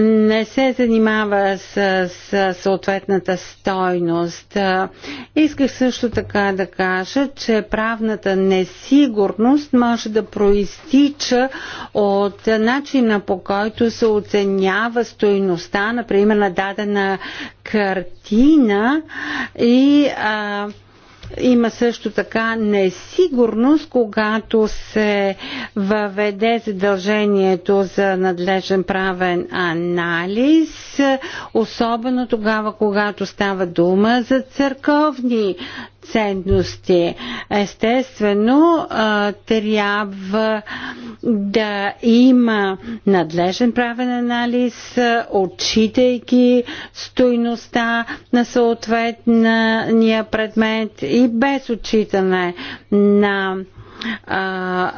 не се занимава с, с съответната стойност. Исках също така да кажа, че правната несигурност може да проистича от начина по който се оценява стойността, например, на дадена картина и а, има също така несигурност, когато се въведе задължението за надлежен правен анализ, особено тогава, когато става дума за църковни ценности. Естествено, трябва да има надлежен правен анализ, отчитайки стойността на съответния предмет и без отчитане на а,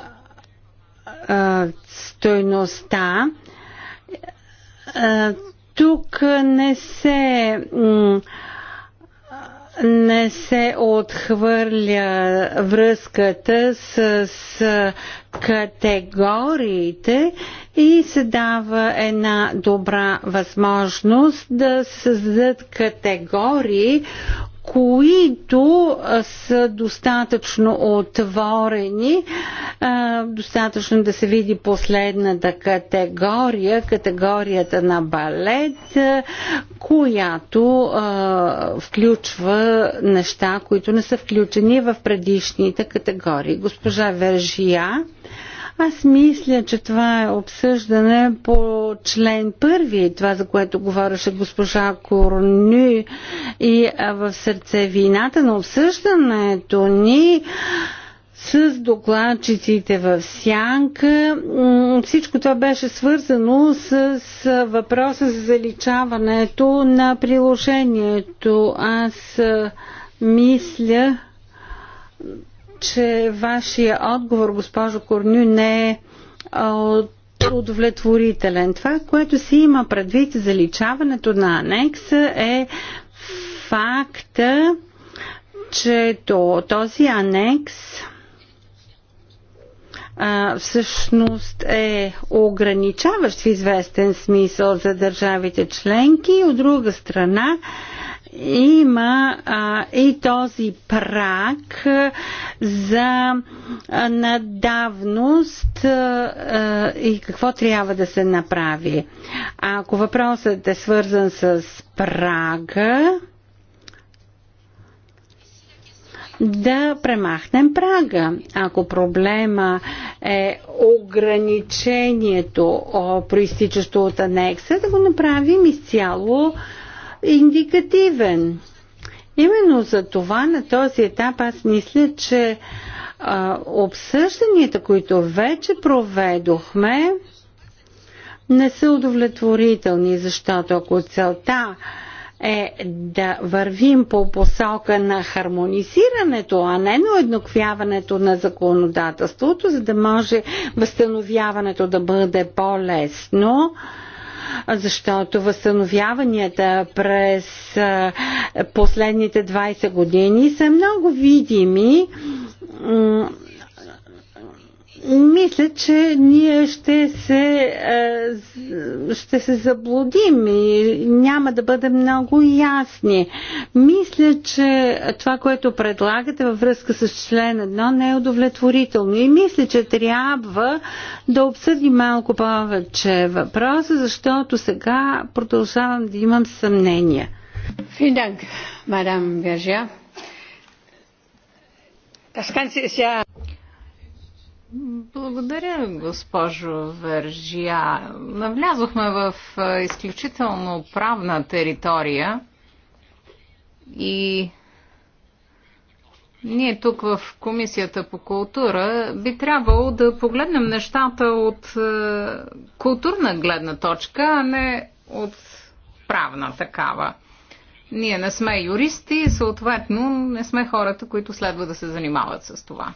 а, стойността. А, тук не се м- не се отхвърля връзката с, с категориите и се дава една добра възможност да създадат категории, които са достатъчно отворени, достатъчно да се види последната категория, категорията на балет, която включва неща, които не са включени в предишните категории. Госпожа Вержия, аз мисля, че това е обсъждане по член първи, това за което говореше госпожа Корни и в сърцевината на обсъждането ни с докладчиците в сянка. Всичко това беше свързано с въпроса за заличаването на приложението. Аз мисля, че вашия отговор, госпожо Корню, не е удовлетворителен. Това, което си има предвид заличаването на анекса е факта, че то, този анекс а, всъщност е ограничаващ в известен смисъл за държавите членки. и От друга страна, а, има а, и този прак за надавност а, и какво трябва да се направи. ако въпросът е свързан с прага, да премахнем прага. Ако проблема е ограничението, проистичащо от анекса, да го направим изцяло индикативен. Именно за това на този етап аз мисля, че а, обсъжданията, които вече проведохме, не са удовлетворителни, защото ако целта е да вървим по посока на хармонизирането, а не на едноквяването на законодателството, за да може възстановяването да бъде по-лесно, защото възстановяванията през последните 20 години са много видими мисля, че ние ще се, е, ще се заблудим и няма да бъдем много ясни. Мисля, че това, което предлагате във връзка с член 1 не е удовлетворително и мисля, че трябва да обсъдим малко повече въпроса, защото сега продължавам да имам съмнения. Vielen мадам Вержа. Berger. Das Ganze ist ja благодаря, госпожо Вържия. Навлязохме в изключително правна територия и ние тук в Комисията по култура би трябвало да погледнем нещата от културна гледна точка, а не от правна такава. Ние не сме юристи и съответно не сме хората, които следва да се занимават с това.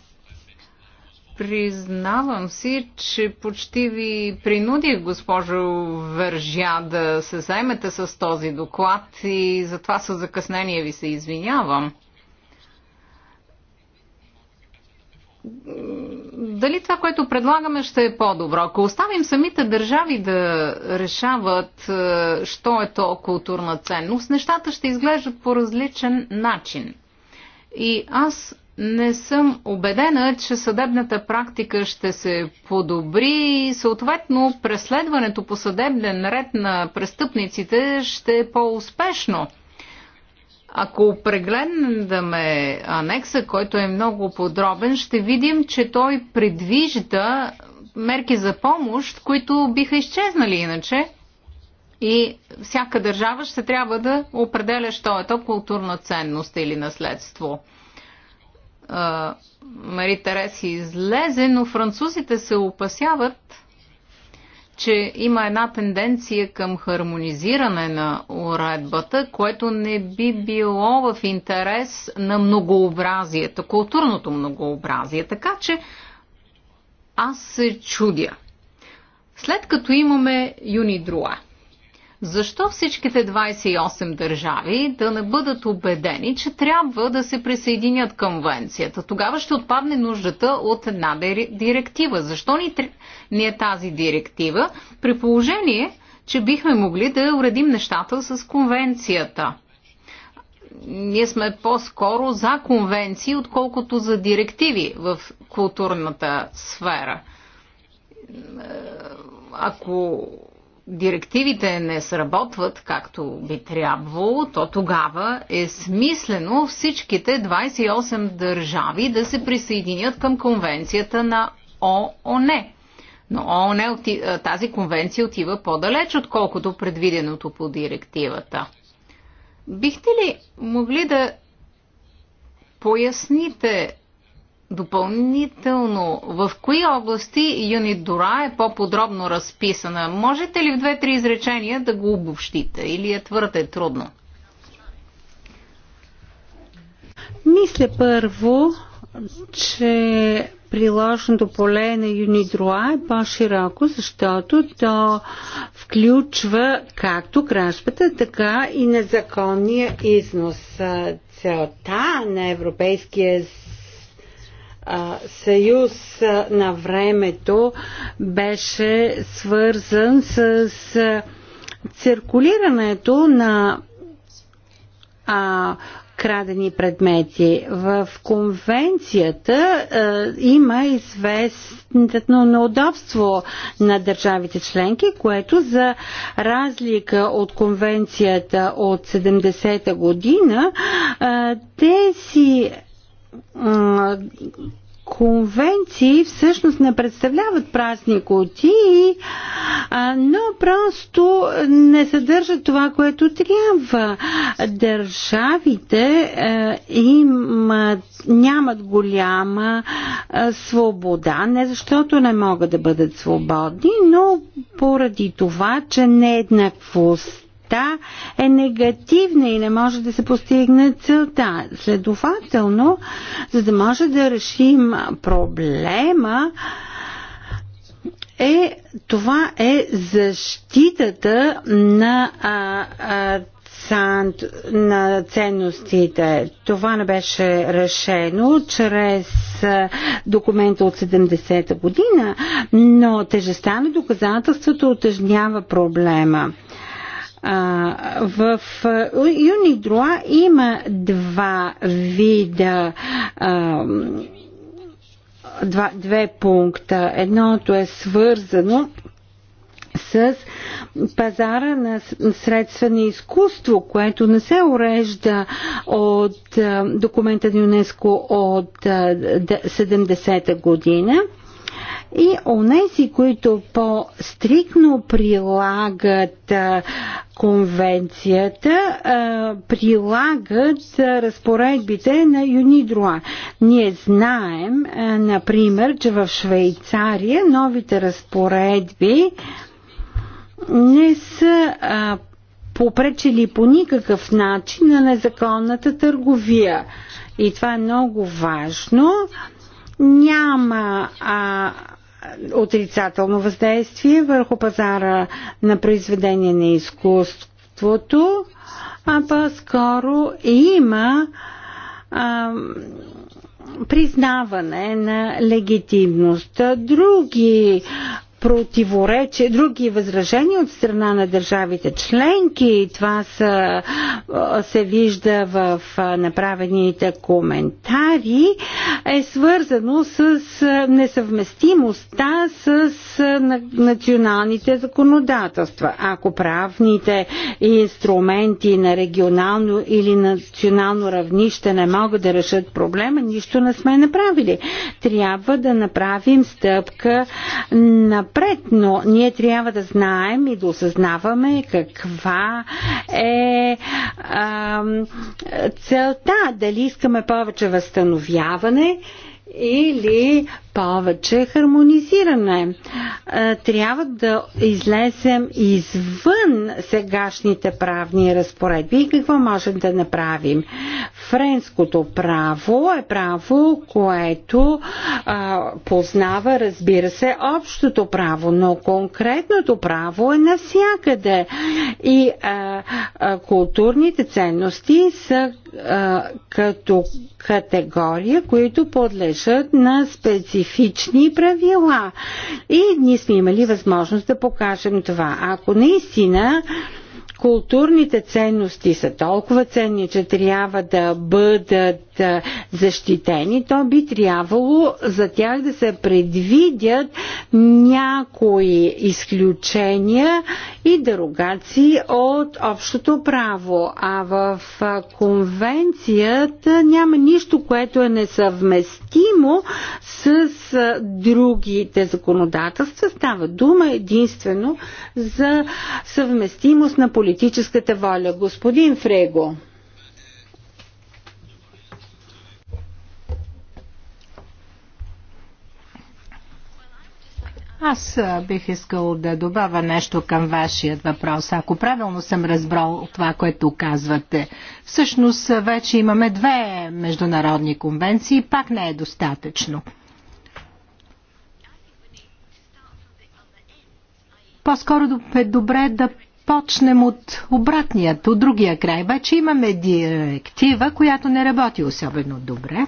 Признавам си, че почти ви принудих, госпожо Вържя, да се займете с този доклад и затова със закъснение ви се извинявам. Дали това, което предлагаме, ще е по-добро? Ако оставим самите държави да решават, е, що е то културна ценност, нещата ще изглеждат по различен начин. И аз не съм убедена, че съдебната практика ще се подобри и съответно преследването по съдебен ред на престъпниците ще е по-успешно. Ако прегледаме анекса, който е много подробен, ще видим, че той предвижда мерки за помощ, които биха изчезнали иначе. И всяка държава ще трябва да определя, що е то културна ценност или наследство. Мари Тереси излезе, но французите се опасяват, че има една тенденция към хармонизиране на уредбата, което не би било в интерес на многообразието, културното многообразие. Така че аз се чудя. След като имаме юни друа, защо всичките 28 държави да не бъдат убедени, че трябва да се присъединят към Венцията? Тогава ще отпадне нуждата от една директива. Защо ни, ни е тази директива? При положение, че бихме могли да уредим нещата с конвенцията ние сме по-скоро за конвенции, отколкото за директиви в културната сфера. Ако директивите не сработват както би трябвало, то тогава е смислено всичките 28 държави да се присъединят към конвенцията на ООН. Но ООН, тази конвенция отива по-далеч, отколкото предвиденото по директивата. Бихте ли могли да поясните Допълнително, в кои области Юнидора е по-подробно разписана? Можете ли в две-три изречения да го обобщите или е твърде трудно? Мисля първо, че приложното поле на Юнидроа е по-широко, защото то включва както кражбата, така и незаконния износ. Целта на Европейския съюз на времето беше свързан с циркулирането на а, крадени предмети. В конвенцията а, има известно неудобство на държавите членки, което за разлика от конвенцията от 70-та година, а, тези конвенции всъщност не представляват празни кутии, но просто не съдържат това, което трябва. Държавите е, имат, нямат голяма е, свобода, не защото не могат да бъдат свободни, но поради това, че нееднаквост е мечта е негативна и не може да се постигне целта. Следователно, за да може да решим проблема, е, това е защитата на а, а, на ценностите. Това не беше решено чрез документа от 70-та година, но тежестта на доказателството отъжнява проблема. А, в Юнидроа има два вида а, два, две пункта. Едното е свързано с пазара на средства на изкуство, което не се урежда от документа на ЮНЕСКО от 70-та година. И онези, които по-стрикно прилагат конвенцията, прилагат разпоредбите на Юнидроа. Ние знаем, например, че в Швейцария новите разпоредби не са попречили по никакъв начин на незаконната търговия. И това е много важно няма а, отрицателно въздействие върху пазара на произведение на изкуството, а по-скоро има а, признаване на легитимност. Други противоречия, други възражения от страна на държавите членки. Това са, се вижда в направените коментари. Е свързано с несъвместимостта с националните законодателства. Ако правните инструменти на регионално или национално равнище не могат да решат проблема, нищо не сме направили. Трябва да направим стъпка на напред, но ние трябва да знаем и да осъзнаваме каква е а, целта. Дали искаме повече възстановяване или повече хармонизиране. Е, трябва да излезем извън сегашните правни разпоредби и какво можем да направим. Френското право е право, което а, познава, разбира се, общото право, но конкретното право е навсякъде. И а, а, културните ценности са а, като категория, които подлежат на специфични специфични правила. И ние сме имали възможност да покажем това. Ако наистина Културните ценности са толкова ценни, че трябва да бъдат защитени. То би трябвало за тях да се предвидят някои изключения и дерогации от общото право. А в конвенцията няма нищо, което е несъвместимо с другите законодателства. Става дума единствено за съвместимост на политиката политическата воля. Господин Фрего. Аз бих искал да добавя нещо към вашият въпрос. Ако правилно съм разбрал това, което казвате, всъщност вече имаме две международни конвенции, пак не е достатъчно. По-скоро е добре да почнем от обратният, от другия край. Вече имаме директива, която не работи особено добре.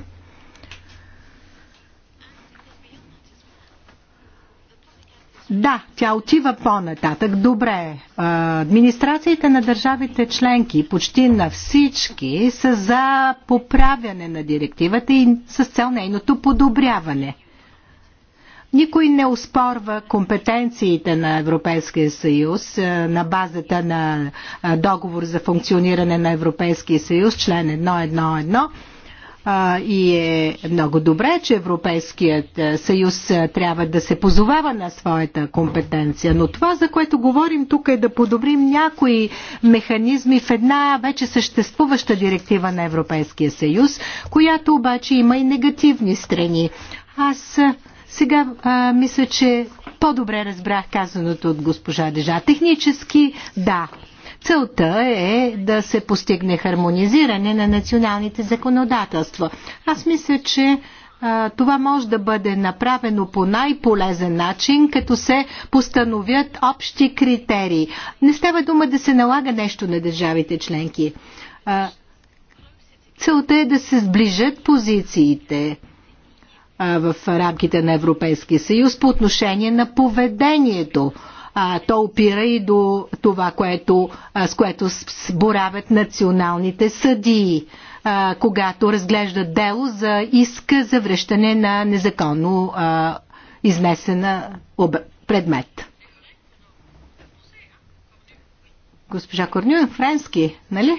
Да, тя отива по-нататък. Добре. Администрациите на държавите членки, почти на всички, са за поправяне на директивата и с цел нейното подобряване. Никой не успорва компетенциите на Европейския съюз е, на базата на е, договор за функциониране на Европейския съюз, член 1.1.1 и е много добре, че Европейският е, съюз трябва да се позовава на своята компетенция. Но това, за което говорим тук е да подобрим някои механизми в една вече съществуваща директива на Европейския съюз, която обаче има и негативни страни. Аз сега а, мисля, че по-добре разбрах казаното от госпожа Дежа. Технически да. Целта е да се постигне хармонизиране на националните законодателства. Аз мисля, че а, това може да бъде направено по най-полезен начин, като се постановят общи критерии. Не става дума да се налага нещо на държавите членки. А, целта е да се сближат позициите в рамките на Европейския съюз по отношение на поведението. А, то опира и до това, което, а, с което боравят националните съдии, а, когато разглеждат дело за иска за връщане на незаконно а, изнесена об... предмет. Госпожа Корню, френски, нали?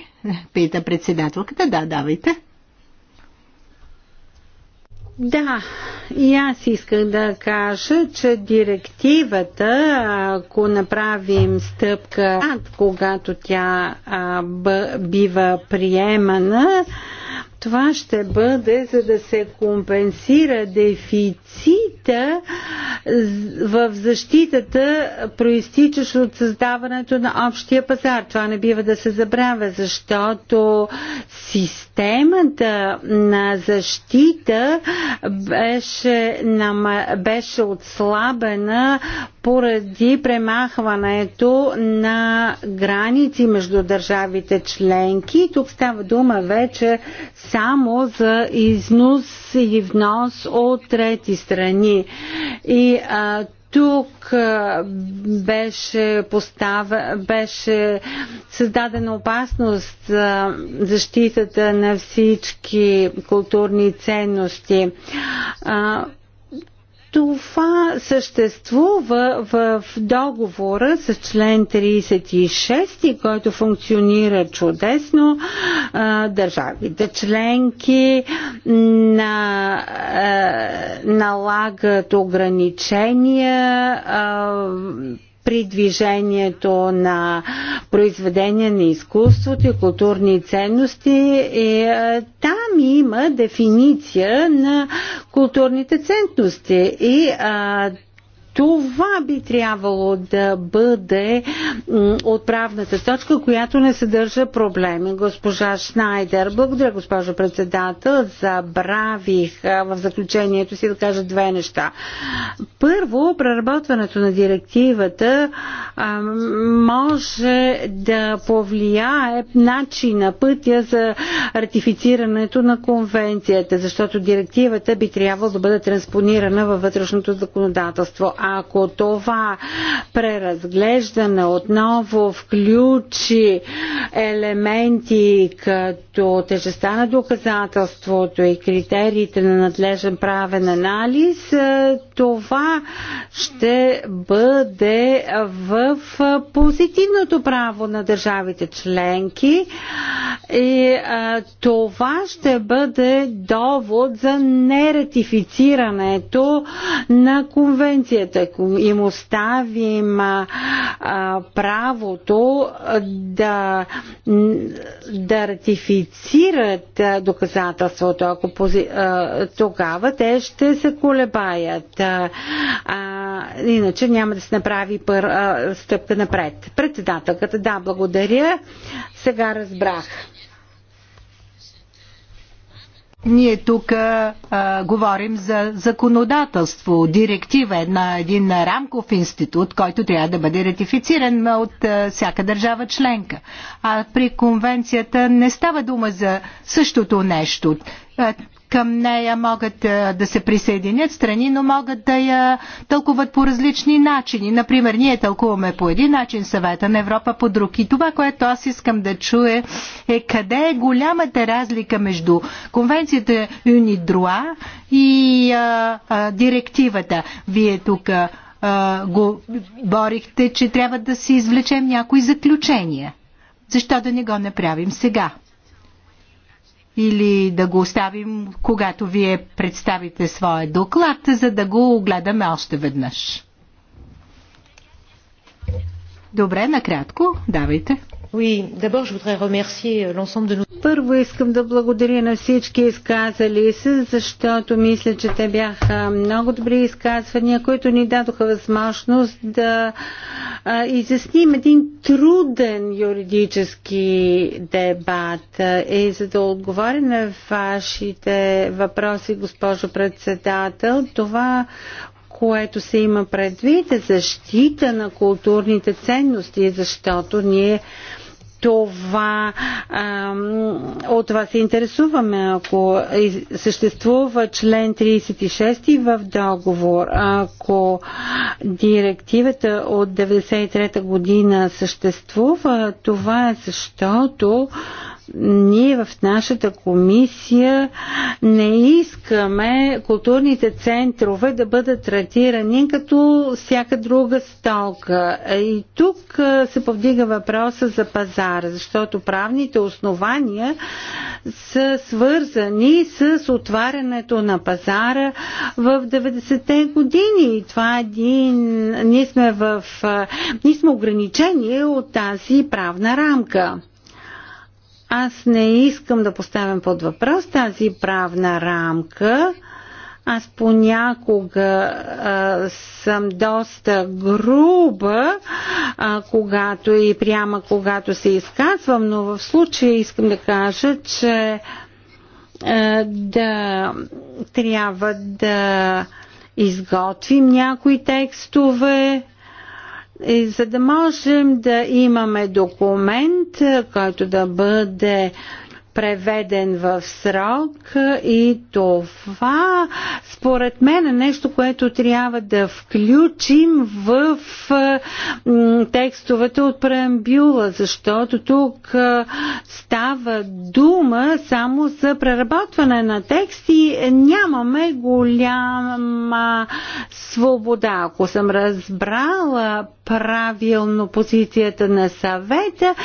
Пита председателката. Да, давайте. Да, и аз исках да кажа, че директивата, ако направим стъпка, когато тя бива приемана, това ще бъде за да се компенсира дефицита в защитата, проистичащ от създаването на общия пазар. Това не бива да се забравя, защото системата на защита беше, беше отслабена поради премахването на граници между държавите членки. Тук става дума вече само за износ и внос от трети страни. И а, тук беше, постава, беше създадена опасност за защитата на всички културни ценности. Това съществува в договора с член 36, който функционира чудесно. Държавите членки на, налагат ограничения при движението на произведения на изкуството и културни ценности. И, е, там има дефиниция на културните ценности и а, това би трябвало да бъде отправната точка, която не съдържа проблеми. Госпожа Шнайдер, благодаря госпожо председател, забравих в заключението си да кажа две неща. Първо, преработването на директивата може да повлияе начина, пътя за ратифицирането на конвенцията, защото директивата би трябвало да бъде транспонирана във вътрешното законодателство. Ако това преразглеждане отново включи елементи като тежестта на доказателството и критериите на надлежен правен анализ, това ще бъде в позитивното право на държавите членки и а, това ще бъде довод за нератифицирането на конвенцията ако им оставим а, правото да, да ратифицират доказателството, ако пози, а, тогава те ще се колебаят. А, иначе няма да се направи пър, а, стъпка напред. Председателката, да, благодаря. Сега разбрах. Ние тук а, говорим за законодателство, директива, на един рамков институт, който трябва да бъде ратифициран от а, всяка държава членка. А при конвенцията не става дума за същото нещо към нея могат да се присъединят страни, но могат да я тълкуват по различни начини. Например, ние тълкуваме по един начин съвета на Европа по друг. И това, което аз искам да чуя е къде е голямата разлика между конвенцията Юнидруа и а, а, директивата. Вие тук а, го борихте, че трябва да си извлечем някои заключения. Защо да не го направим сега? или да го оставим, когато вие представите своя доклад, за да го огледаме още веднъж. Добре, накратко, давайте. Euh, Първо искам да благодаря на всички изказали се, защото мисля, че те бяха много добри изказвания, които ни дадоха възможност да изясним един труден юридически дебат и е, за да отговоря на вашите въпроси, госпожо председател, това което се има предвид е защита на културните ценности, защото ние това а, от вас се интересуваме, ако съществува член 36 в договор, ако директивата от 93 година съществува, това е защото ние в нашата комисия не искаме културните центрове да бъдат тратирани като всяка друга столка. И тук се повдига въпроса за пазара, защото правните основания са свързани с отварянето на пазара в 90-те години. И това е един... Ние сме в... Ние сме ограничени от тази правна рамка. Аз не искам да поставям под въпрос тази правна рамка. Аз понякога а, съм доста груба, а, когато и пряма когато се изказвам, но в случая искам да кажа, че а, да трябва да изготвим някои текстове, и е, за да можем да имаме документ, който да бъде преведен в срок и това според мен е нещо, което трябва да включим в текстовете от преамбюла, защото тук става дума само за преработване на текст и нямаме голяма свобода. Ако съм разбрала правилно позицията на съвета,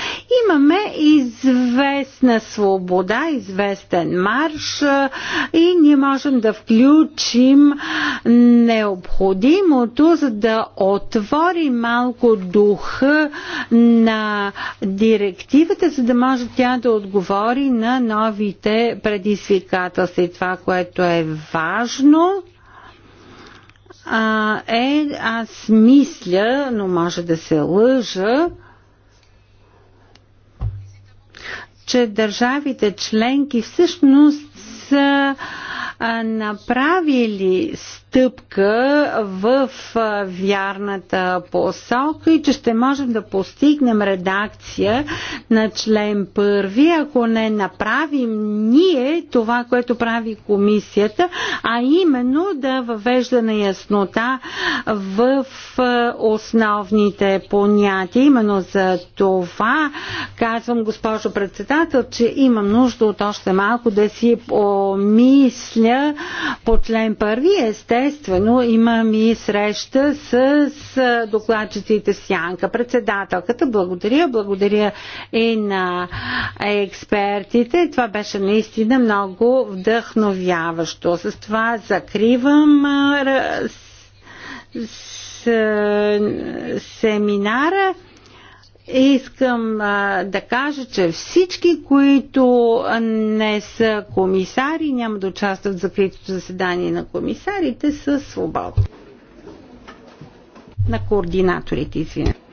имаме известна свобода свобода, известен марш и ние можем да включим необходимото, за да отвори малко духа на директивата, за да може тя да отговори на новите предизвикателства. И това, което е важно, е, аз мисля, но може да се лъжа, че държавите членки всъщност са направили стъпка в вярната посока и че ще можем да постигнем редакция на член първи, ако не направим ние това, което прави комисията, а именно да въвежда на яснота в основните понятия. Именно за това казвам, госпожо председател, че имам нужда от още малко да си помисля по член първи. Естествено, Естествено, имам и среща с докладчиците Сянка, председателката. Благодаря, благодаря и на експертите. Това беше наистина много вдъхновяващо. С това закривам семинара. Искам а, да кажа, че всички, които не са комисари, няма да участват в закритото заседание на комисарите, са свободни. На координаторите, извинете.